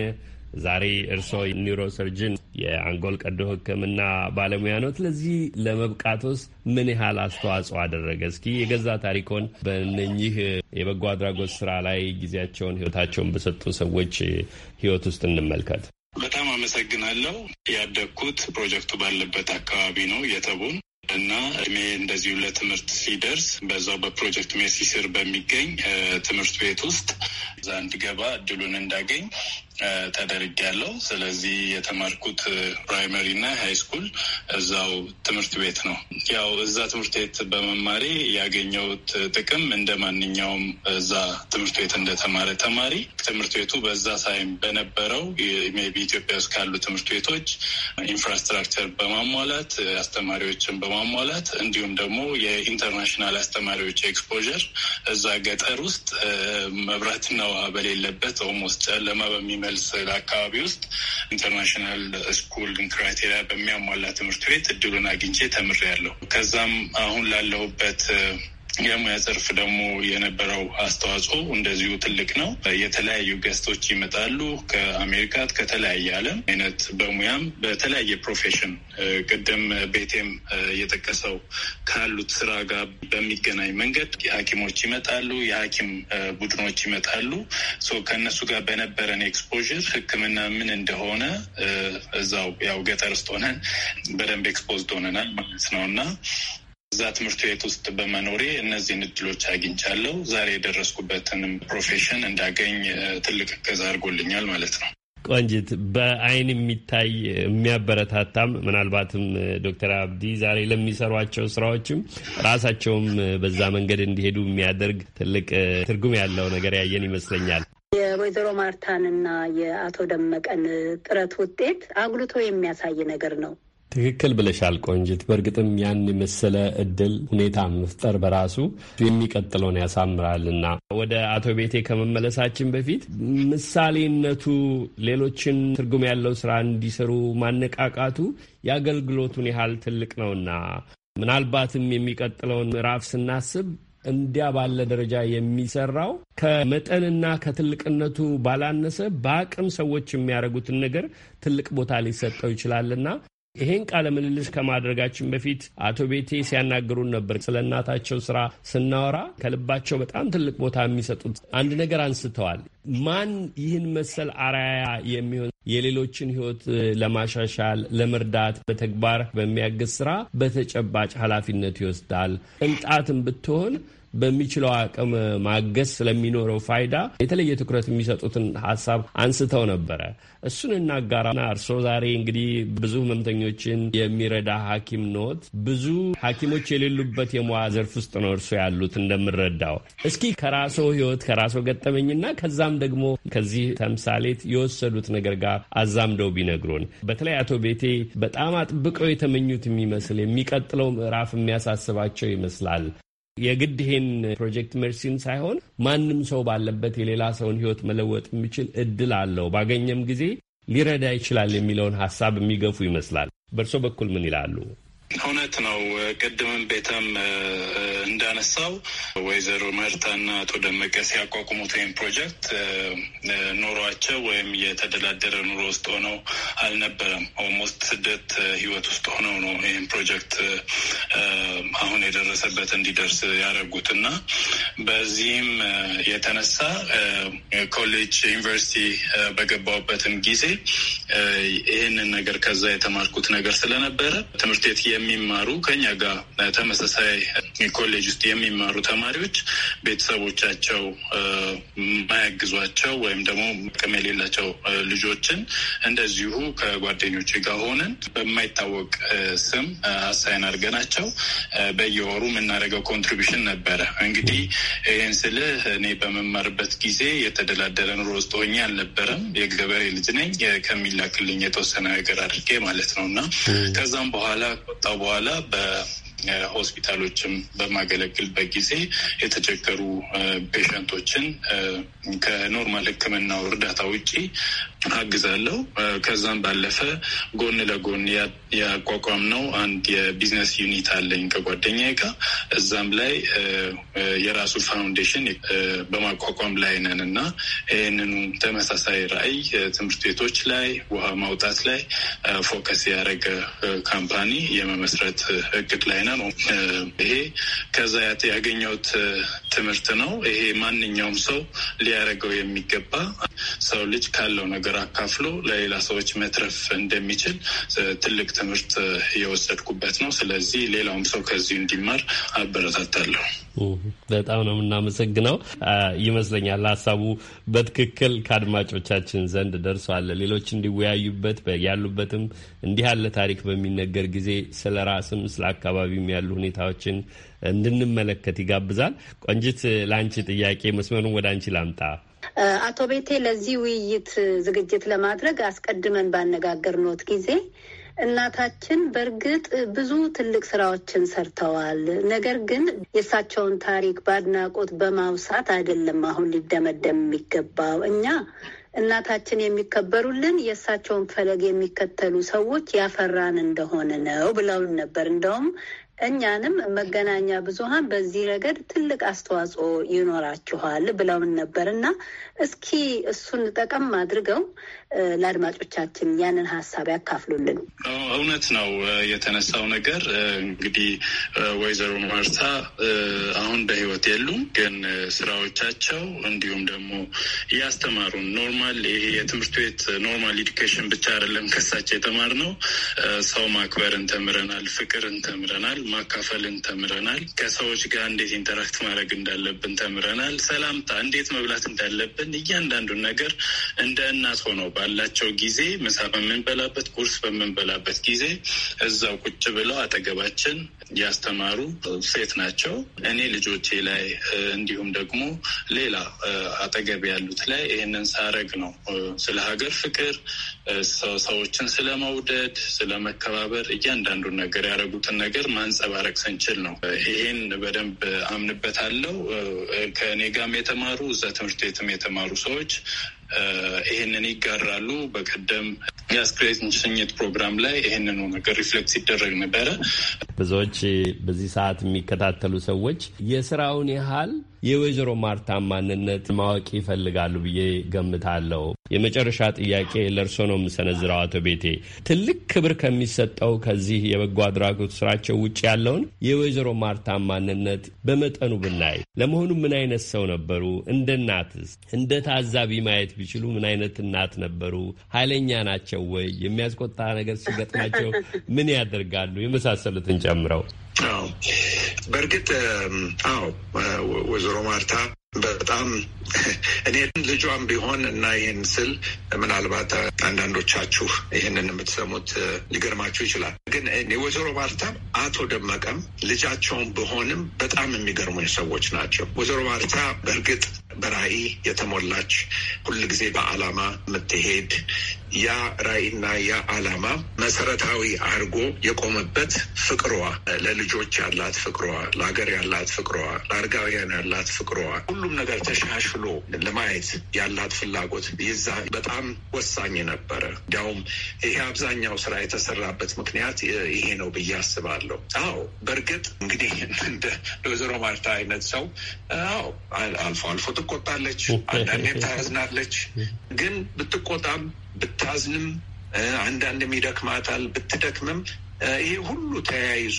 [SPEAKER 3] ዛሬ እርስዎ ኒውሮሰርጅን የአንጎል ቀዶ ሕክምና ባለሙያ ነው። ስለዚህ ለመብቃቶስ ምን ያህል አስተዋጽኦ አደረገ? እስኪ የገዛ ታሪኮን በእነኚህ የበጎ አድራጎት ስራ ላይ ጊዜያቸውን ህይወታቸውን በሰጡ ሰዎች ህይወት ውስጥ እንመልከት።
[SPEAKER 6] በጣም አመሰግናለሁ። ያደግኩት ፕሮጀክቱ ባለበት አካባቢ ነው የተቡን እና እድሜ እንደዚሁ ለትምህርት ሲደርስ በዛው በፕሮጀክት ሜሲ ስር በሚገኝ ትምህርት ቤት ውስጥ እዛ እንድገባ እድሉን እንዳገኝ ያለው ስለዚህ የተማርኩት ፕራይመሪ እና ሃይ ስኩል እዛው ትምህርት ቤት ነው። ያው እዛ ትምህርት ቤት በመማሬ ያገኘሁት ጥቅም እንደ ማንኛውም እዛ ትምህርት ቤት እንደተማረ ተማሪ ትምህርት ቤቱ በዛ ሳይም በነበረው ቢ ኢትዮጵያ ውስጥ ካሉ ትምህርት ቤቶች ኢንፍራስትራክቸር በማሟላት አስተማሪዎችን በማሟላት እንዲሁም ደግሞ የኢንተርናሽናል አስተማሪዎች ኤክስፖዥር እዛ ገጠር ውስጥ መብራትና ውሃ በሌለበት ኦልሞስት ጨለማ በሚመ በሚባል አካባቢ ውስጥ ኢንተርናሽናል ስኩል ክራይቴሪያ በሚያሟላ ትምህርት ቤት እድሉን አግኝቼ ተምሬያለሁ። ከዛም አሁን ላለሁበት የሙያ ዘርፍ ደግሞ የነበረው አስተዋጽኦ እንደዚሁ ትልቅ ነው። የተለያዩ ገስቶች ይመጣሉ ከአሜሪካት ከተለያየ ዓለም አይነት በሙያም በተለያየ ፕሮፌሽን ቅድም ቤቴም የጠቀሰው ካሉት ስራ ጋር በሚገናኝ መንገድ የሐኪሞች ይመጣሉ፣ የሐኪም ቡድኖች ይመጣሉ። ከእነሱ ጋር በነበረን ኤክስፖዥር ሕክምና ምን እንደሆነ እዛው ያው ገጠር ውስጥ በደንብ ኤክስፖዝድ ሆነናል ማለት ነው እና እዛ ትምህርት ቤት ውስጥ በመኖሬ እነዚህን እድሎች አግኝቻለሁ። ዛሬ
[SPEAKER 3] የደረስኩበትንም ፕሮፌሽን እንዳገኝ ትልቅ እገዛ አድርጎልኛል ማለት ነው። ቆንጅት፣ በአይን የሚታይ የሚያበረታታም ምናልባትም ዶክተር አብዲ ዛሬ ለሚሰሯቸው ስራዎችም ራሳቸውም በዛ መንገድ እንዲሄዱ የሚያደርግ ትልቅ ትርጉም ያለው ነገር ያየን ይመስለኛል።
[SPEAKER 4] የወይዘሮ ማርታንና የአቶ ደመቀን ጥረት ውጤት አጉልቶ የሚያሳይ ነገር ነው።
[SPEAKER 3] ትክክል ብለሻል ቆንጅት። በእርግጥም ያን የመሰለ እድል ሁኔታ መፍጠር በራሱ የሚቀጥለውን ያሳምራልና ወደ አቶ ቤቴ ከመመለሳችን በፊት ምሳሌነቱ ሌሎችን ትርጉም ያለው ስራ እንዲሰሩ ማነቃቃቱ የአገልግሎቱን ያህል ትልቅ ነውና ምናልባትም የሚቀጥለውን ምዕራፍ ስናስብ እንዲያ ባለ ደረጃ የሚሰራው ከመጠንና ከትልቅነቱ ባላነሰ በአቅም ሰዎች የሚያደርጉትን ነገር ትልቅ ቦታ ሊሰጠው ይችላልና ይሄን ቃለ ምልልስ ከማድረጋችን በፊት አቶ ቤቴ ሲያናግሩን ነበር። ስለ እናታቸው ስራ ስናወራ ከልባቸው በጣም ትልቅ ቦታ የሚሰጡት አንድ ነገር አንስተዋል። ማን ይህን መሰል አራያ የሚሆን የሌሎችን ሕይወት ለማሻሻል ለመርዳት በተግባር በሚያግዝ ስራ በተጨባጭ ኃላፊነት ይወስዳል ቅንጣትም ብትሆን በሚችለው አቅም ማገዝ ስለሚኖረው ፋይዳ የተለየ ትኩረት የሚሰጡትን ሀሳብ አንስተው ነበረ። እሱን እናጋራና እርስዎ ዛሬ እንግዲህ ብዙ ህመምተኞችን የሚረዳ ሐኪም ኖት። ብዙ ሐኪሞች የሌሉበት የሙያ ዘርፍ ውስጥ ነው እርስዎ ያሉት እንደምረዳው እስኪ ከራስዎ ህይወት ከራስዎ ገጠመኝና ከዛም ደግሞ ከዚህ ተምሳሌት የወሰዱት ነገር ጋር አዛምደው ቢነግሩን። በተለይ አቶ ቤቴ በጣም አጥብቀው የተመኙት የሚመስል የሚቀጥለው ምዕራፍ የሚያሳስባቸው ይመስላል። የግድ ይሄን ፕሮጀክት መርሲን ሳይሆን ማንም ሰው ባለበት የሌላ ሰውን ህይወት መለወጥ የሚችል እድል አለው ባገኘም ጊዜ ሊረዳ ይችላል የሚለውን ሀሳብ የሚገፉ ይመስላል። በእርሶ በኩል ምን ይላሉ?
[SPEAKER 6] እውነት ነው። ቅድምም ቤተም እንዳነሳው ወይዘሮ መርታና አቶ ደመቀ ሲያቋቁሙት ወይም ፕሮጀክት ኑሯቸው ወይም የተደላደረ ኑሮ ውስጥ ሆነው አልነበረም። ኦልሞስት ስደት ህይወት ውስጥ ሆነው ነው ይህም ፕሮጀክት አሁን የደረሰበት እንዲደርስ ያደረጉት እና በዚህም የተነሳ ኮሌጅ ዩኒቨርሲቲ በገባሁበትም ጊዜ ይህንን ነገር ከዛ የተማርኩት ነገር ስለነበረ ትምህርት ቤት የሚማሩ ከኛ ጋር ተመሳሳይ ኮሌጅ ውስጥ የሚማሩ ተማሪዎች ቤተሰቦቻቸው ማያግዟቸው ወይም ደግሞ ቅም የሌላቸው ልጆችን እንደዚሁ ከጓደኞች ጋር ሆነን በማይታወቅ ስም አሳይን አድርገናቸው በየወሩ የምናደርገው ኮንትሪቢሽን ነበረ። እንግዲህ ይህን ስልህ እኔ በመማርበት ጊዜ የተደላደለ ኑሮ ውስጥ ሆኜ አልነበረም። የገበሬ ልጅ ነኝ። ከሚላክልኝ የተወሰነ ነገር አድርጌ ማለት ነው እና ከዛም በኋላ ከወጣው በኋላ ሆስፒታሎችም በማገለግልበት ጊዜ የተቸገሩ ፔሸንቶችን ከኖርማል ሕክምናው እርዳታ ውጪ አግዛለሁ። ከዛም ባለፈ ጎን ለጎን ያቋቋም ነው አንድ የቢዝነስ ዩኒት አለኝ ከጓደኛ ጋር እዛም ላይ የራሱ ፋውንዴሽን በማቋቋም ላይ ነን እና ይህንኑ ተመሳሳይ ራዕይ ትምህርት ቤቶች ላይ ውሃ ማውጣት ላይ ፎከስ ያደረገ ካምፓኒ የመመስረት እቅድ ላይ ነው። ነው። ይሄ ከዛ ያገኘሁት ትምህርት ነው። ይሄ ማንኛውም ሰው ሊያደርገው የሚገባ ሰው ልጅ ካለው ነገር አካፍሎ ለሌላ ሰዎች መትረፍ እንደሚችል ትልቅ ትምህርት የወሰድኩበት ነው። ስለዚህ ሌላውም ሰው ከዚሁ እንዲማር አበረታታለሁ።
[SPEAKER 3] በጣም ነው የምናመሰግነው። ይመስለኛል ሀሳቡ በትክክል ከአድማጮቻችን ዘንድ ደርሷል። ሌሎች እንዲወያዩበት ያሉበትም እንዲህ ያለ ታሪክ በሚነገር ጊዜ ስለ ራስም ስለ አካባቢም ያሉ ሁኔታዎችን እንድንመለከት ይጋብዛል። ቆንጅት፣ ለአንቺ ጥያቄ መስመሩን ወደ አንቺ ላምጣ።
[SPEAKER 4] አቶ ቤቴ ለዚህ ውይይት ዝግጅት ለማድረግ አስቀድመን ባነጋገርነዎት ጊዜ እናታችን በእርግጥ ብዙ ትልቅ ስራዎችን ሰርተዋል። ነገር ግን የእሳቸውን ታሪክ በአድናቆት በማውሳት አይደለም አሁን ሊደመደም የሚገባው። እኛ እናታችን የሚከበሩልን የእሳቸውን ፈለግ የሚከተሉ ሰዎች ያፈራን እንደሆነ ነው ብለውን ነበር። እንደውም እኛንም መገናኛ ብዙሃን በዚህ ረገድ ትልቅ አስተዋጽኦ ይኖራችኋል ብለውን ነበር እና እስኪ እሱን ጠቀም አድርገው ለአድማጮቻችን ያንን ሀሳብ ያካፍሉልን።
[SPEAKER 6] እውነት ነው የተነሳው ነገር እንግዲህ ወይዘሮ ማርታ አሁን በህይወት የሉም፣ ግን ስራዎቻቸው እንዲሁም ደግሞ እያስተማሩን ኖርማል ይሄ የትምህርት ቤት ኖርማል ኢዱኬሽን ብቻ አይደለም ከሳቸው የተማርነው። ሰው ማክበርን ተምረናል፣ ፍቅርን ተምረናል፣ ማካፈልን ተምረናል፣ ከሰዎች ጋር እንዴት ኢንተራክት ማድረግ እንዳለብን ተምረናል፣ ሰላምታ እንዴት መብላት እንዳለብን እያንዳንዱን ነገር እንደ እናት ሆነው ባላቸው ጊዜ ምሳ በምንበላበት፣ ቁርስ በምንበላበት ጊዜ እዛው ቁጭ ብለው አጠገባችን ያስተማሩ ሴት ናቸው። እኔ ልጆቼ ላይ እንዲሁም ደግሞ ሌላ አጠገብ ያሉት ላይ ይህንን ሳረግ ነው ስለ ሀገር ፍቅር፣ ሰዎችን ስለ መውደድ፣ ስለ መከባበር እያንዳንዱን ነገር ያደረጉትን ነገር ማንጸባረቅ ስንችል ነው። ይሄን በደንብ አምንበታለሁ። ከእኔ ጋም የተማሩ እዛ ትምህርት ቤትም የተማሩ ሰዎች ይህንን ይጋራሉ። በቀደም የአስክሬተኝነት ፕሮግራም ላይ ይህንኑ ነገር ሪፍሌክት ሲደረግ ነበረ።
[SPEAKER 3] ብዙዎች በዚህ ሰዓት የሚከታተሉ ሰዎች የስራውን ያህል የወይዘሮ ማርታ ማንነት ማወቅ ይፈልጋሉ ብዬ ገምታለሁ። የመጨረሻ ጥያቄ ለእርሶ ነው የምሰነዝረው። አቶ ቤቴ ትልቅ ክብር ከሚሰጠው ከዚህ የበጎ አድራጎት ስራቸው ውጭ ያለውን የወይዘሮ ማርታ ማንነት በመጠኑ ብናይ፣ ለመሆኑ ምን አይነት ሰው ነበሩ? እንደ እናትስ እንደ ታዛቢ ማየት ቢችሉ ምን አይነት እናት ነበሩ? ኃይለኛ ናቸው ወይ? የሚያስቆጣ ነገር ሲገጥማቸው ምን ያደርጋሉ? የመሳሰሉትን ጨምረው
[SPEAKER 5] አዎ በእርግጥ አዎ ወይዘሮ ማርታ በጣም እኔ ልጇም ቢሆን እና ይህን ስል ምናልባት አንዳንዶቻችሁ ይህንን የምትሰሙት ሊገርማችሁ ይችላል። ግን ወይዘሮ ማርታ አቶ ደመቀም ልጃቸውን በሆንም በጣም የሚገርሙኝ ሰዎች ናቸው። ወይዘሮ ማርታ በእርግጥ በራዕይ የተሞላች ሁል ጊዜ በዓላማ የምትሄድ ያ ራዕይና ያ ዓላማ መሰረታዊ አድርጎ የቆመበት ፍቅሯ ለልጆች ያላት ፍቅሯ፣ ለሀገር ያላት ፍቅሯ፣ ለአረጋውያን ያላት ፍቅሯ፣ ሁሉም ነገር ተሻሽሎ ለማየት ያላት ፍላጎት ይዛ በጣም ወሳኝ ነበረ። እንዲያውም ይሄ አብዛኛው ስራ የተሰራበት ምክንያት ይሄ ነው ብዬ አስባለሁ። አዎ በእርግጥ እንግዲህ እንደ ወይዘሮ ማርታ አይነት ሰው አዎ አልፎ አልፎ ትቆጣለች፣ አንዳንዴም ታዝናለች። ግን ብትቆጣም ብታዝንም አንዳንድም ይደክማታል። ብትደክምም ይሄ ሁሉ ተያይዞ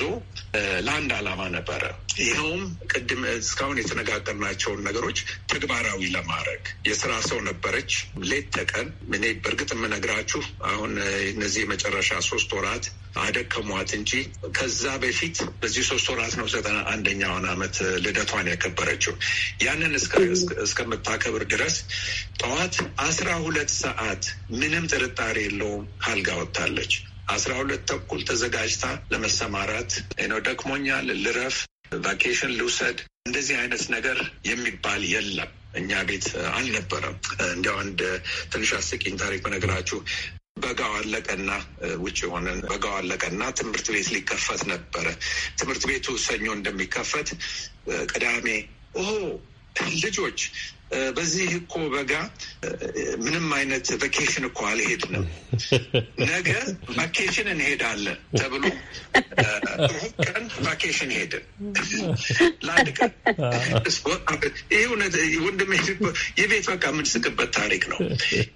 [SPEAKER 5] ለአንድ ዓላማ ነበረ። ይኸውም ቅድም እስካሁን የተነጋገርናቸውን ነገሮች ተግባራዊ ለማድረግ የስራ ሰው ነበረች። ሌት ተቀን እኔ በእርግጥ የምነግራችሁ አሁን እነዚህ የመጨረሻ ሶስት ወራት አደከሟት እንጂ ከዛ በፊት በዚህ ሶስት ወራት ነው ዘጠና አንደኛውን ዓመት ልደቷን ያከበረችው። ያንን እስከምታከብር ድረስ ጠዋት አስራ ሁለት ሰዓት ምንም ጥርጣሬ የለውም ካልጋ ወጥታለች። አስራ ሁለት ተኩል ተዘጋጅታ ለመሰማራት ነው። ደክሞኛል፣ ልረፍ፣ ቫኬሽን ልውሰድ፣ እንደዚህ አይነት ነገር የሚባል የለም። እኛ ቤት አልነበረም። እንዲያው አንድ ትንሽ አስቂኝ ታሪክ በነገራችሁ በጋው አለቀና ውጭ ሆነን በጋው አለቀና ትምህርት ቤት ሊከፈት ነበረ። ትምህርት ቤቱ ሰኞ እንደሚከፈት ቅዳሜ ኦ ልጆች በዚህ እኮ በጋ ምንም አይነት ቫኬሽን እኮ አልሄድንም፣ ነገ ቫኬሽን እንሄዳለን ተብሎ ቀን ቫኬሽን ሄድን። ለአንድ ቀን ይህ ወንድሜ የቤት በቃ የምንስቅበት ታሪክ ነው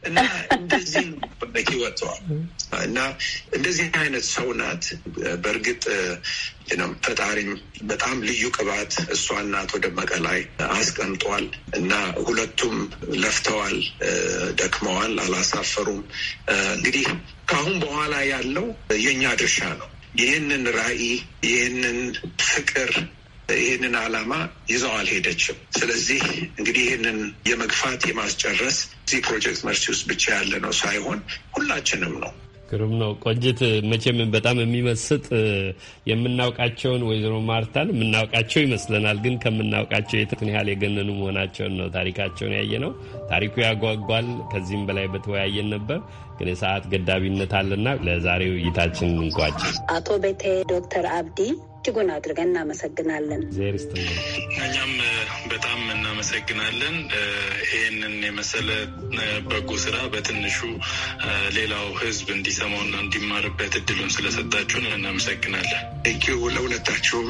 [SPEAKER 5] እና እንደዚህ ይወጠዋል እና እንደዚህ አይነት ሰው ናት። በእርግጥ ፈጣሪም በጣም ልዩ ቅባት እሷ ናት ወደ መቀላይ አስቀምጧል እና ሁለቱም ለፍተዋል፣ ደክመዋል፣ አላሳፈሩም። እንግዲህ ከአሁን በኋላ ያለው የእኛ ድርሻ ነው። ይህንን ራዕይ፣ ይህንን ፍቅር፣ ይህንን ዓላማ ይዘው አልሄደችም። ስለዚህ እንግዲህ ይህንን የመግፋት የማስጨረስ እዚህ ፕሮጀክት መርሲ ውስጥ ብቻ ያለ ነው ሳይሆን ሁላችንም ነው
[SPEAKER 3] ግሩም ነው ቆንጅት። መቼም በጣም የሚመስጥ የምናውቃቸውን ወይዘሮ ማርታን የምናውቃቸው ይመስለናል፣ ግን ከምናውቃቸው የትን ያህል የገነኑ መሆናቸውን ነው ታሪካቸውን ያየ ነው። ታሪኩ ያጓጓል። ከዚህም በላይ በተወያየን ነበር፣ ግን የሰዓት ገዳቢነት አለና ለዛሬው እይታችን እንቋጭ።
[SPEAKER 4] አቶ ቤቴ ዶክተር አብዲ እጅጉን አድርገን እናመሰግናለን።
[SPEAKER 3] እኛም በጣም
[SPEAKER 6] እናመሰግናለን። ይህንን የመሰለ በጎ ስራ በትንሹ ሌላው ህዝብ እንዲሰማውና እንዲማርበት እድሉን ስለሰጣችሁን እናመሰግናለን። ለሁለታችሁም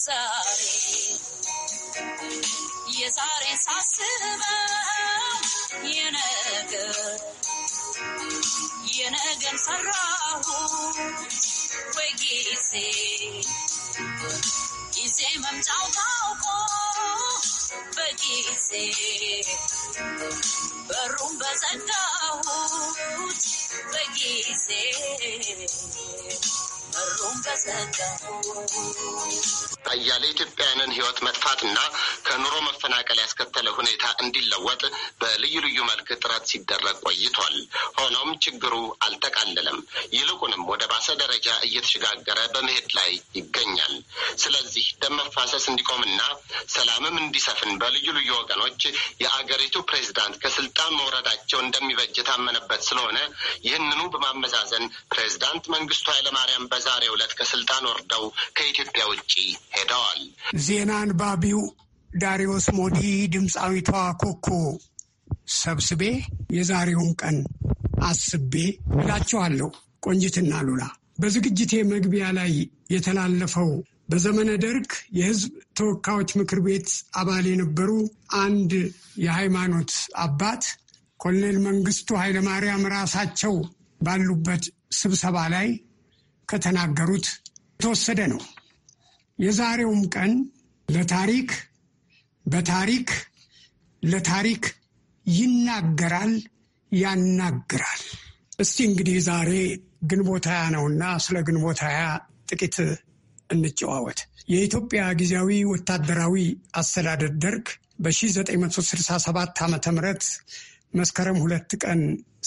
[SPEAKER 4] የዛሬ የዛሬ ሳስበው የነገ የነገም ሰራሁ ወይ ጊዜ ጊዜ መምጫው ታውቆ በጊዜ በሩም በዘጋሁት በጊዜ
[SPEAKER 2] አያሌ ኢትዮጵያውያንን ሕይወት መጥፋትና ከኑሮ መፈናቀል ያስከተለ ሁኔታ እንዲለወጥ በልዩ ልዩ መልክ ጥረት ሲደረግ ቆይቷል። ሆኖም ችግሩ አልተቃለለም፣ ይልቁንም ወደ ባሰ ደረጃ እየተሸጋገረ በመሄድ ላይ ይገኛል። ስለዚህ ደም መፋሰስ እንዲቆምና ሰላምም እንዲሰፍን በልዩ ልዩ ወገኖች የአገሪቱ ፕሬዚዳንት ከስልጣን መውረዳቸው እንደሚበጅ የታመነበት ስለሆነ ይህንኑ በማመዛዘን ፕሬዚዳንት መንግስቱ ኃይለማርያም በዛሬው ዕለት ከስልጣን ወርደው ከኢትዮጵያ ውጭ
[SPEAKER 9] ሄደዋል። ዜና አንባቢው ዳሪዮስ ሞዲ፣ ድምፃዊቷ ኮኮ ሰብስቤ የዛሬውን ቀን አስቤ እላችኋለሁ። ቆንጅትና ሉላ በዝግጅቴ መግቢያ ላይ የተላለፈው በዘመነ ደርግ የሕዝብ ተወካዮች ምክር ቤት አባል የነበሩ አንድ የሃይማኖት አባት ኮሎኔል መንግስቱ ኃይለማርያም ራሳቸው ባሉበት ስብሰባ ላይ ከተናገሩት የተወሰደ ነው። የዛሬውም ቀን ለታሪክ በታሪክ ለታሪክ ይናገራል፣ ያናግራል። እስቲ እንግዲህ ዛሬ ግንቦት ሀያ ነውና ስለ ግንቦት ሀያ ጥቂት እንጨዋወት። የኢትዮጵያ ጊዜያዊ ወታደራዊ አስተዳደር ደርግ በ1967 ም መስከረም ሁለት ቀን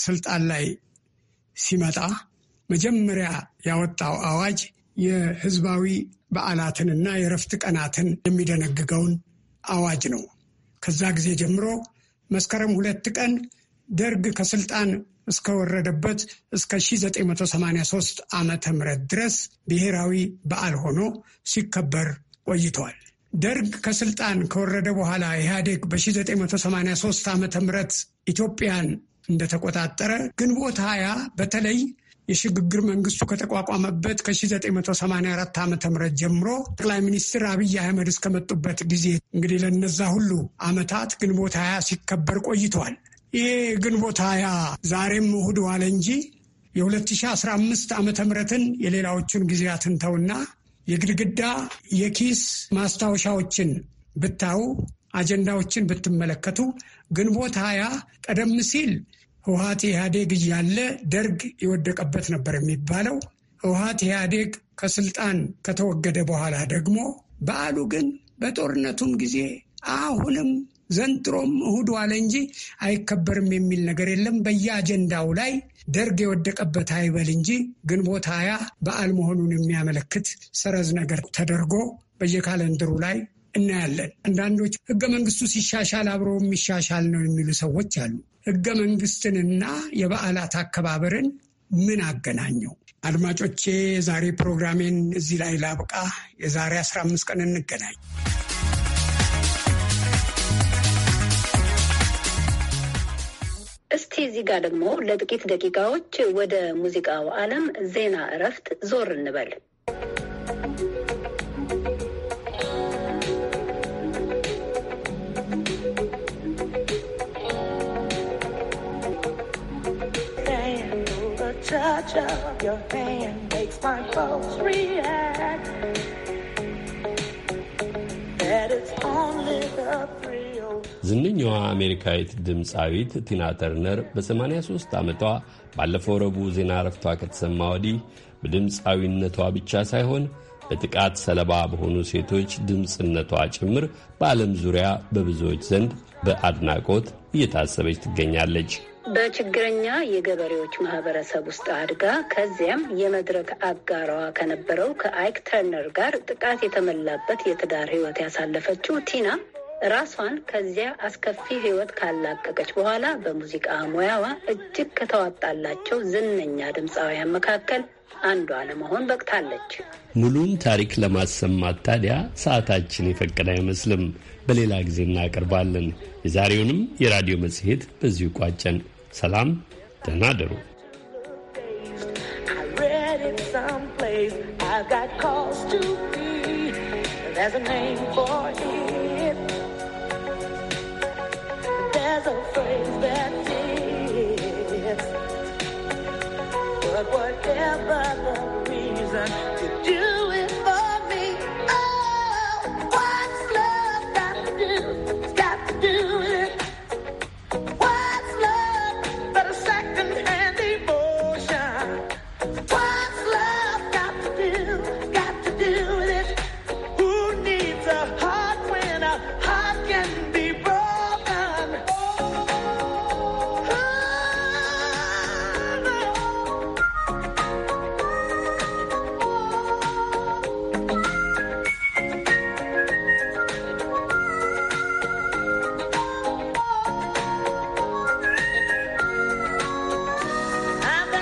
[SPEAKER 9] ስልጣን ላይ ሲመጣ መጀመሪያ ያወጣው አዋጅ የህዝባዊ በዓላትንና የእረፍት ቀናትን የሚደነግገውን አዋጅ ነው። ከዛ ጊዜ ጀምሮ መስከረም ሁለት ቀን ደርግ ከስልጣን እስከወረደበት እስከ 1983 ዓ ምህረት ድረስ ብሔራዊ በዓል ሆኖ ሲከበር ቆይተዋል። ደርግ ከስልጣን ከወረደ በኋላ ኢህአዴግ በ1983 ዓ ም ኢትዮጵያን እንደተቆጣጠረ ግንቦት ሀያ በተለይ የሽግግር መንግስቱ ከተቋቋመበት ከ1984 ዓ ም ጀምሮ ጠቅላይ ሚኒስትር አብይ አህመድ እስከመጡበት ጊዜ እንግዲህ ለነዛ ሁሉ ዓመታት ግንቦት ሀያ ሲከበር ቆይተዋል። ይህ ግንቦት ሀያ ዛሬም እሑድ ዋለ እንጂ የ2015 ዓ ምትን የሌላዎቹን ጊዜያትን ተውና የግድግዳ የኪስ ማስታወሻዎችን ብታዩ፣ አጀንዳዎችን ብትመለከቱ ግንቦት ሀያ ቀደም ሲል ህውሀት ኢህአዴግ እያለ ደርግ የወደቀበት ነበር የሚባለው። ህውሀት ኢህአዴግ ከስልጣን ከተወገደ በኋላ ደግሞ በዓሉ ግን በጦርነቱም ጊዜ አሁንም ዘንድሮም እሁድ ዋለ እንጂ አይከበርም የሚል ነገር የለም። በየአጀንዳው ላይ ደርግ የወደቀበት አይበል እንጂ ግንቦት ሀያ በዓል መሆኑን የሚያመለክት ሰረዝ ነገር ተደርጎ በየካለንደሩ ላይ እናያለን። አንዳንዶች ህገ መንግስቱ ሲሻሻል አብሮ የሚሻሻል ነው የሚሉ ሰዎች አሉ። ህገ መንግስትንና የበዓላት አከባበርን ምን አገናኘው? አድማጮቼ፣ የዛሬ ፕሮግራሜን እዚህ ላይ ላብቃ። የዛሬ 15 ቀን እንገናኝ።
[SPEAKER 4] እስቲ እዚህ ጋር ደግሞ ለጥቂት ደቂቃዎች ወደ ሙዚቃው ዓለም ዜና እረፍት ዞር እንበል።
[SPEAKER 7] touch of your hand makes my pulse react. That is only the thrill.
[SPEAKER 3] ዝነኛዋ አሜሪካዊት ድምፃዊት ቲና ተርነር በ83 ዓመቷ ባለፈው ረቡዕ ዜና ረፍቷ ከተሰማ ወዲህ በድምፃዊነቷ ብቻ ሳይሆን በጥቃት ሰለባ በሆኑ ሴቶች ድምፅነቷ ጭምር በዓለም ዙሪያ በብዙዎች ዘንድ በአድናቆት እየታሰበች ትገኛለች።
[SPEAKER 4] በችግረኛ የገበሬዎች ማህበረሰብ ውስጥ አድጋ ከዚያም የመድረክ አጋሯ ከነበረው ከአይክ ተርነር ጋር ጥቃት የተመላበት የትዳር ህይወት ያሳለፈችው ቲና ራሷን ከዚያ አስከፊ ህይወት ካላቀቀች በኋላ በሙዚቃ ሙያዋ እጅግ ከተዋጣላቸው ዝነኛ ድምፃውያን መካከል አንዷ ለመሆን በቅታለች።
[SPEAKER 3] ሙሉን ታሪክ ለማሰማት ታዲያ ሰዓታችን የፈቀደ አይመስልም። በሌላ ጊዜ እናቀርባለን። የዛሬውንም የራዲዮ መጽሔት በዚሁ ቋጨን። ሰላም፣ ደህና አደሩ።
[SPEAKER 7] There's a name for it. There's a phrase that is, but whatever the reason.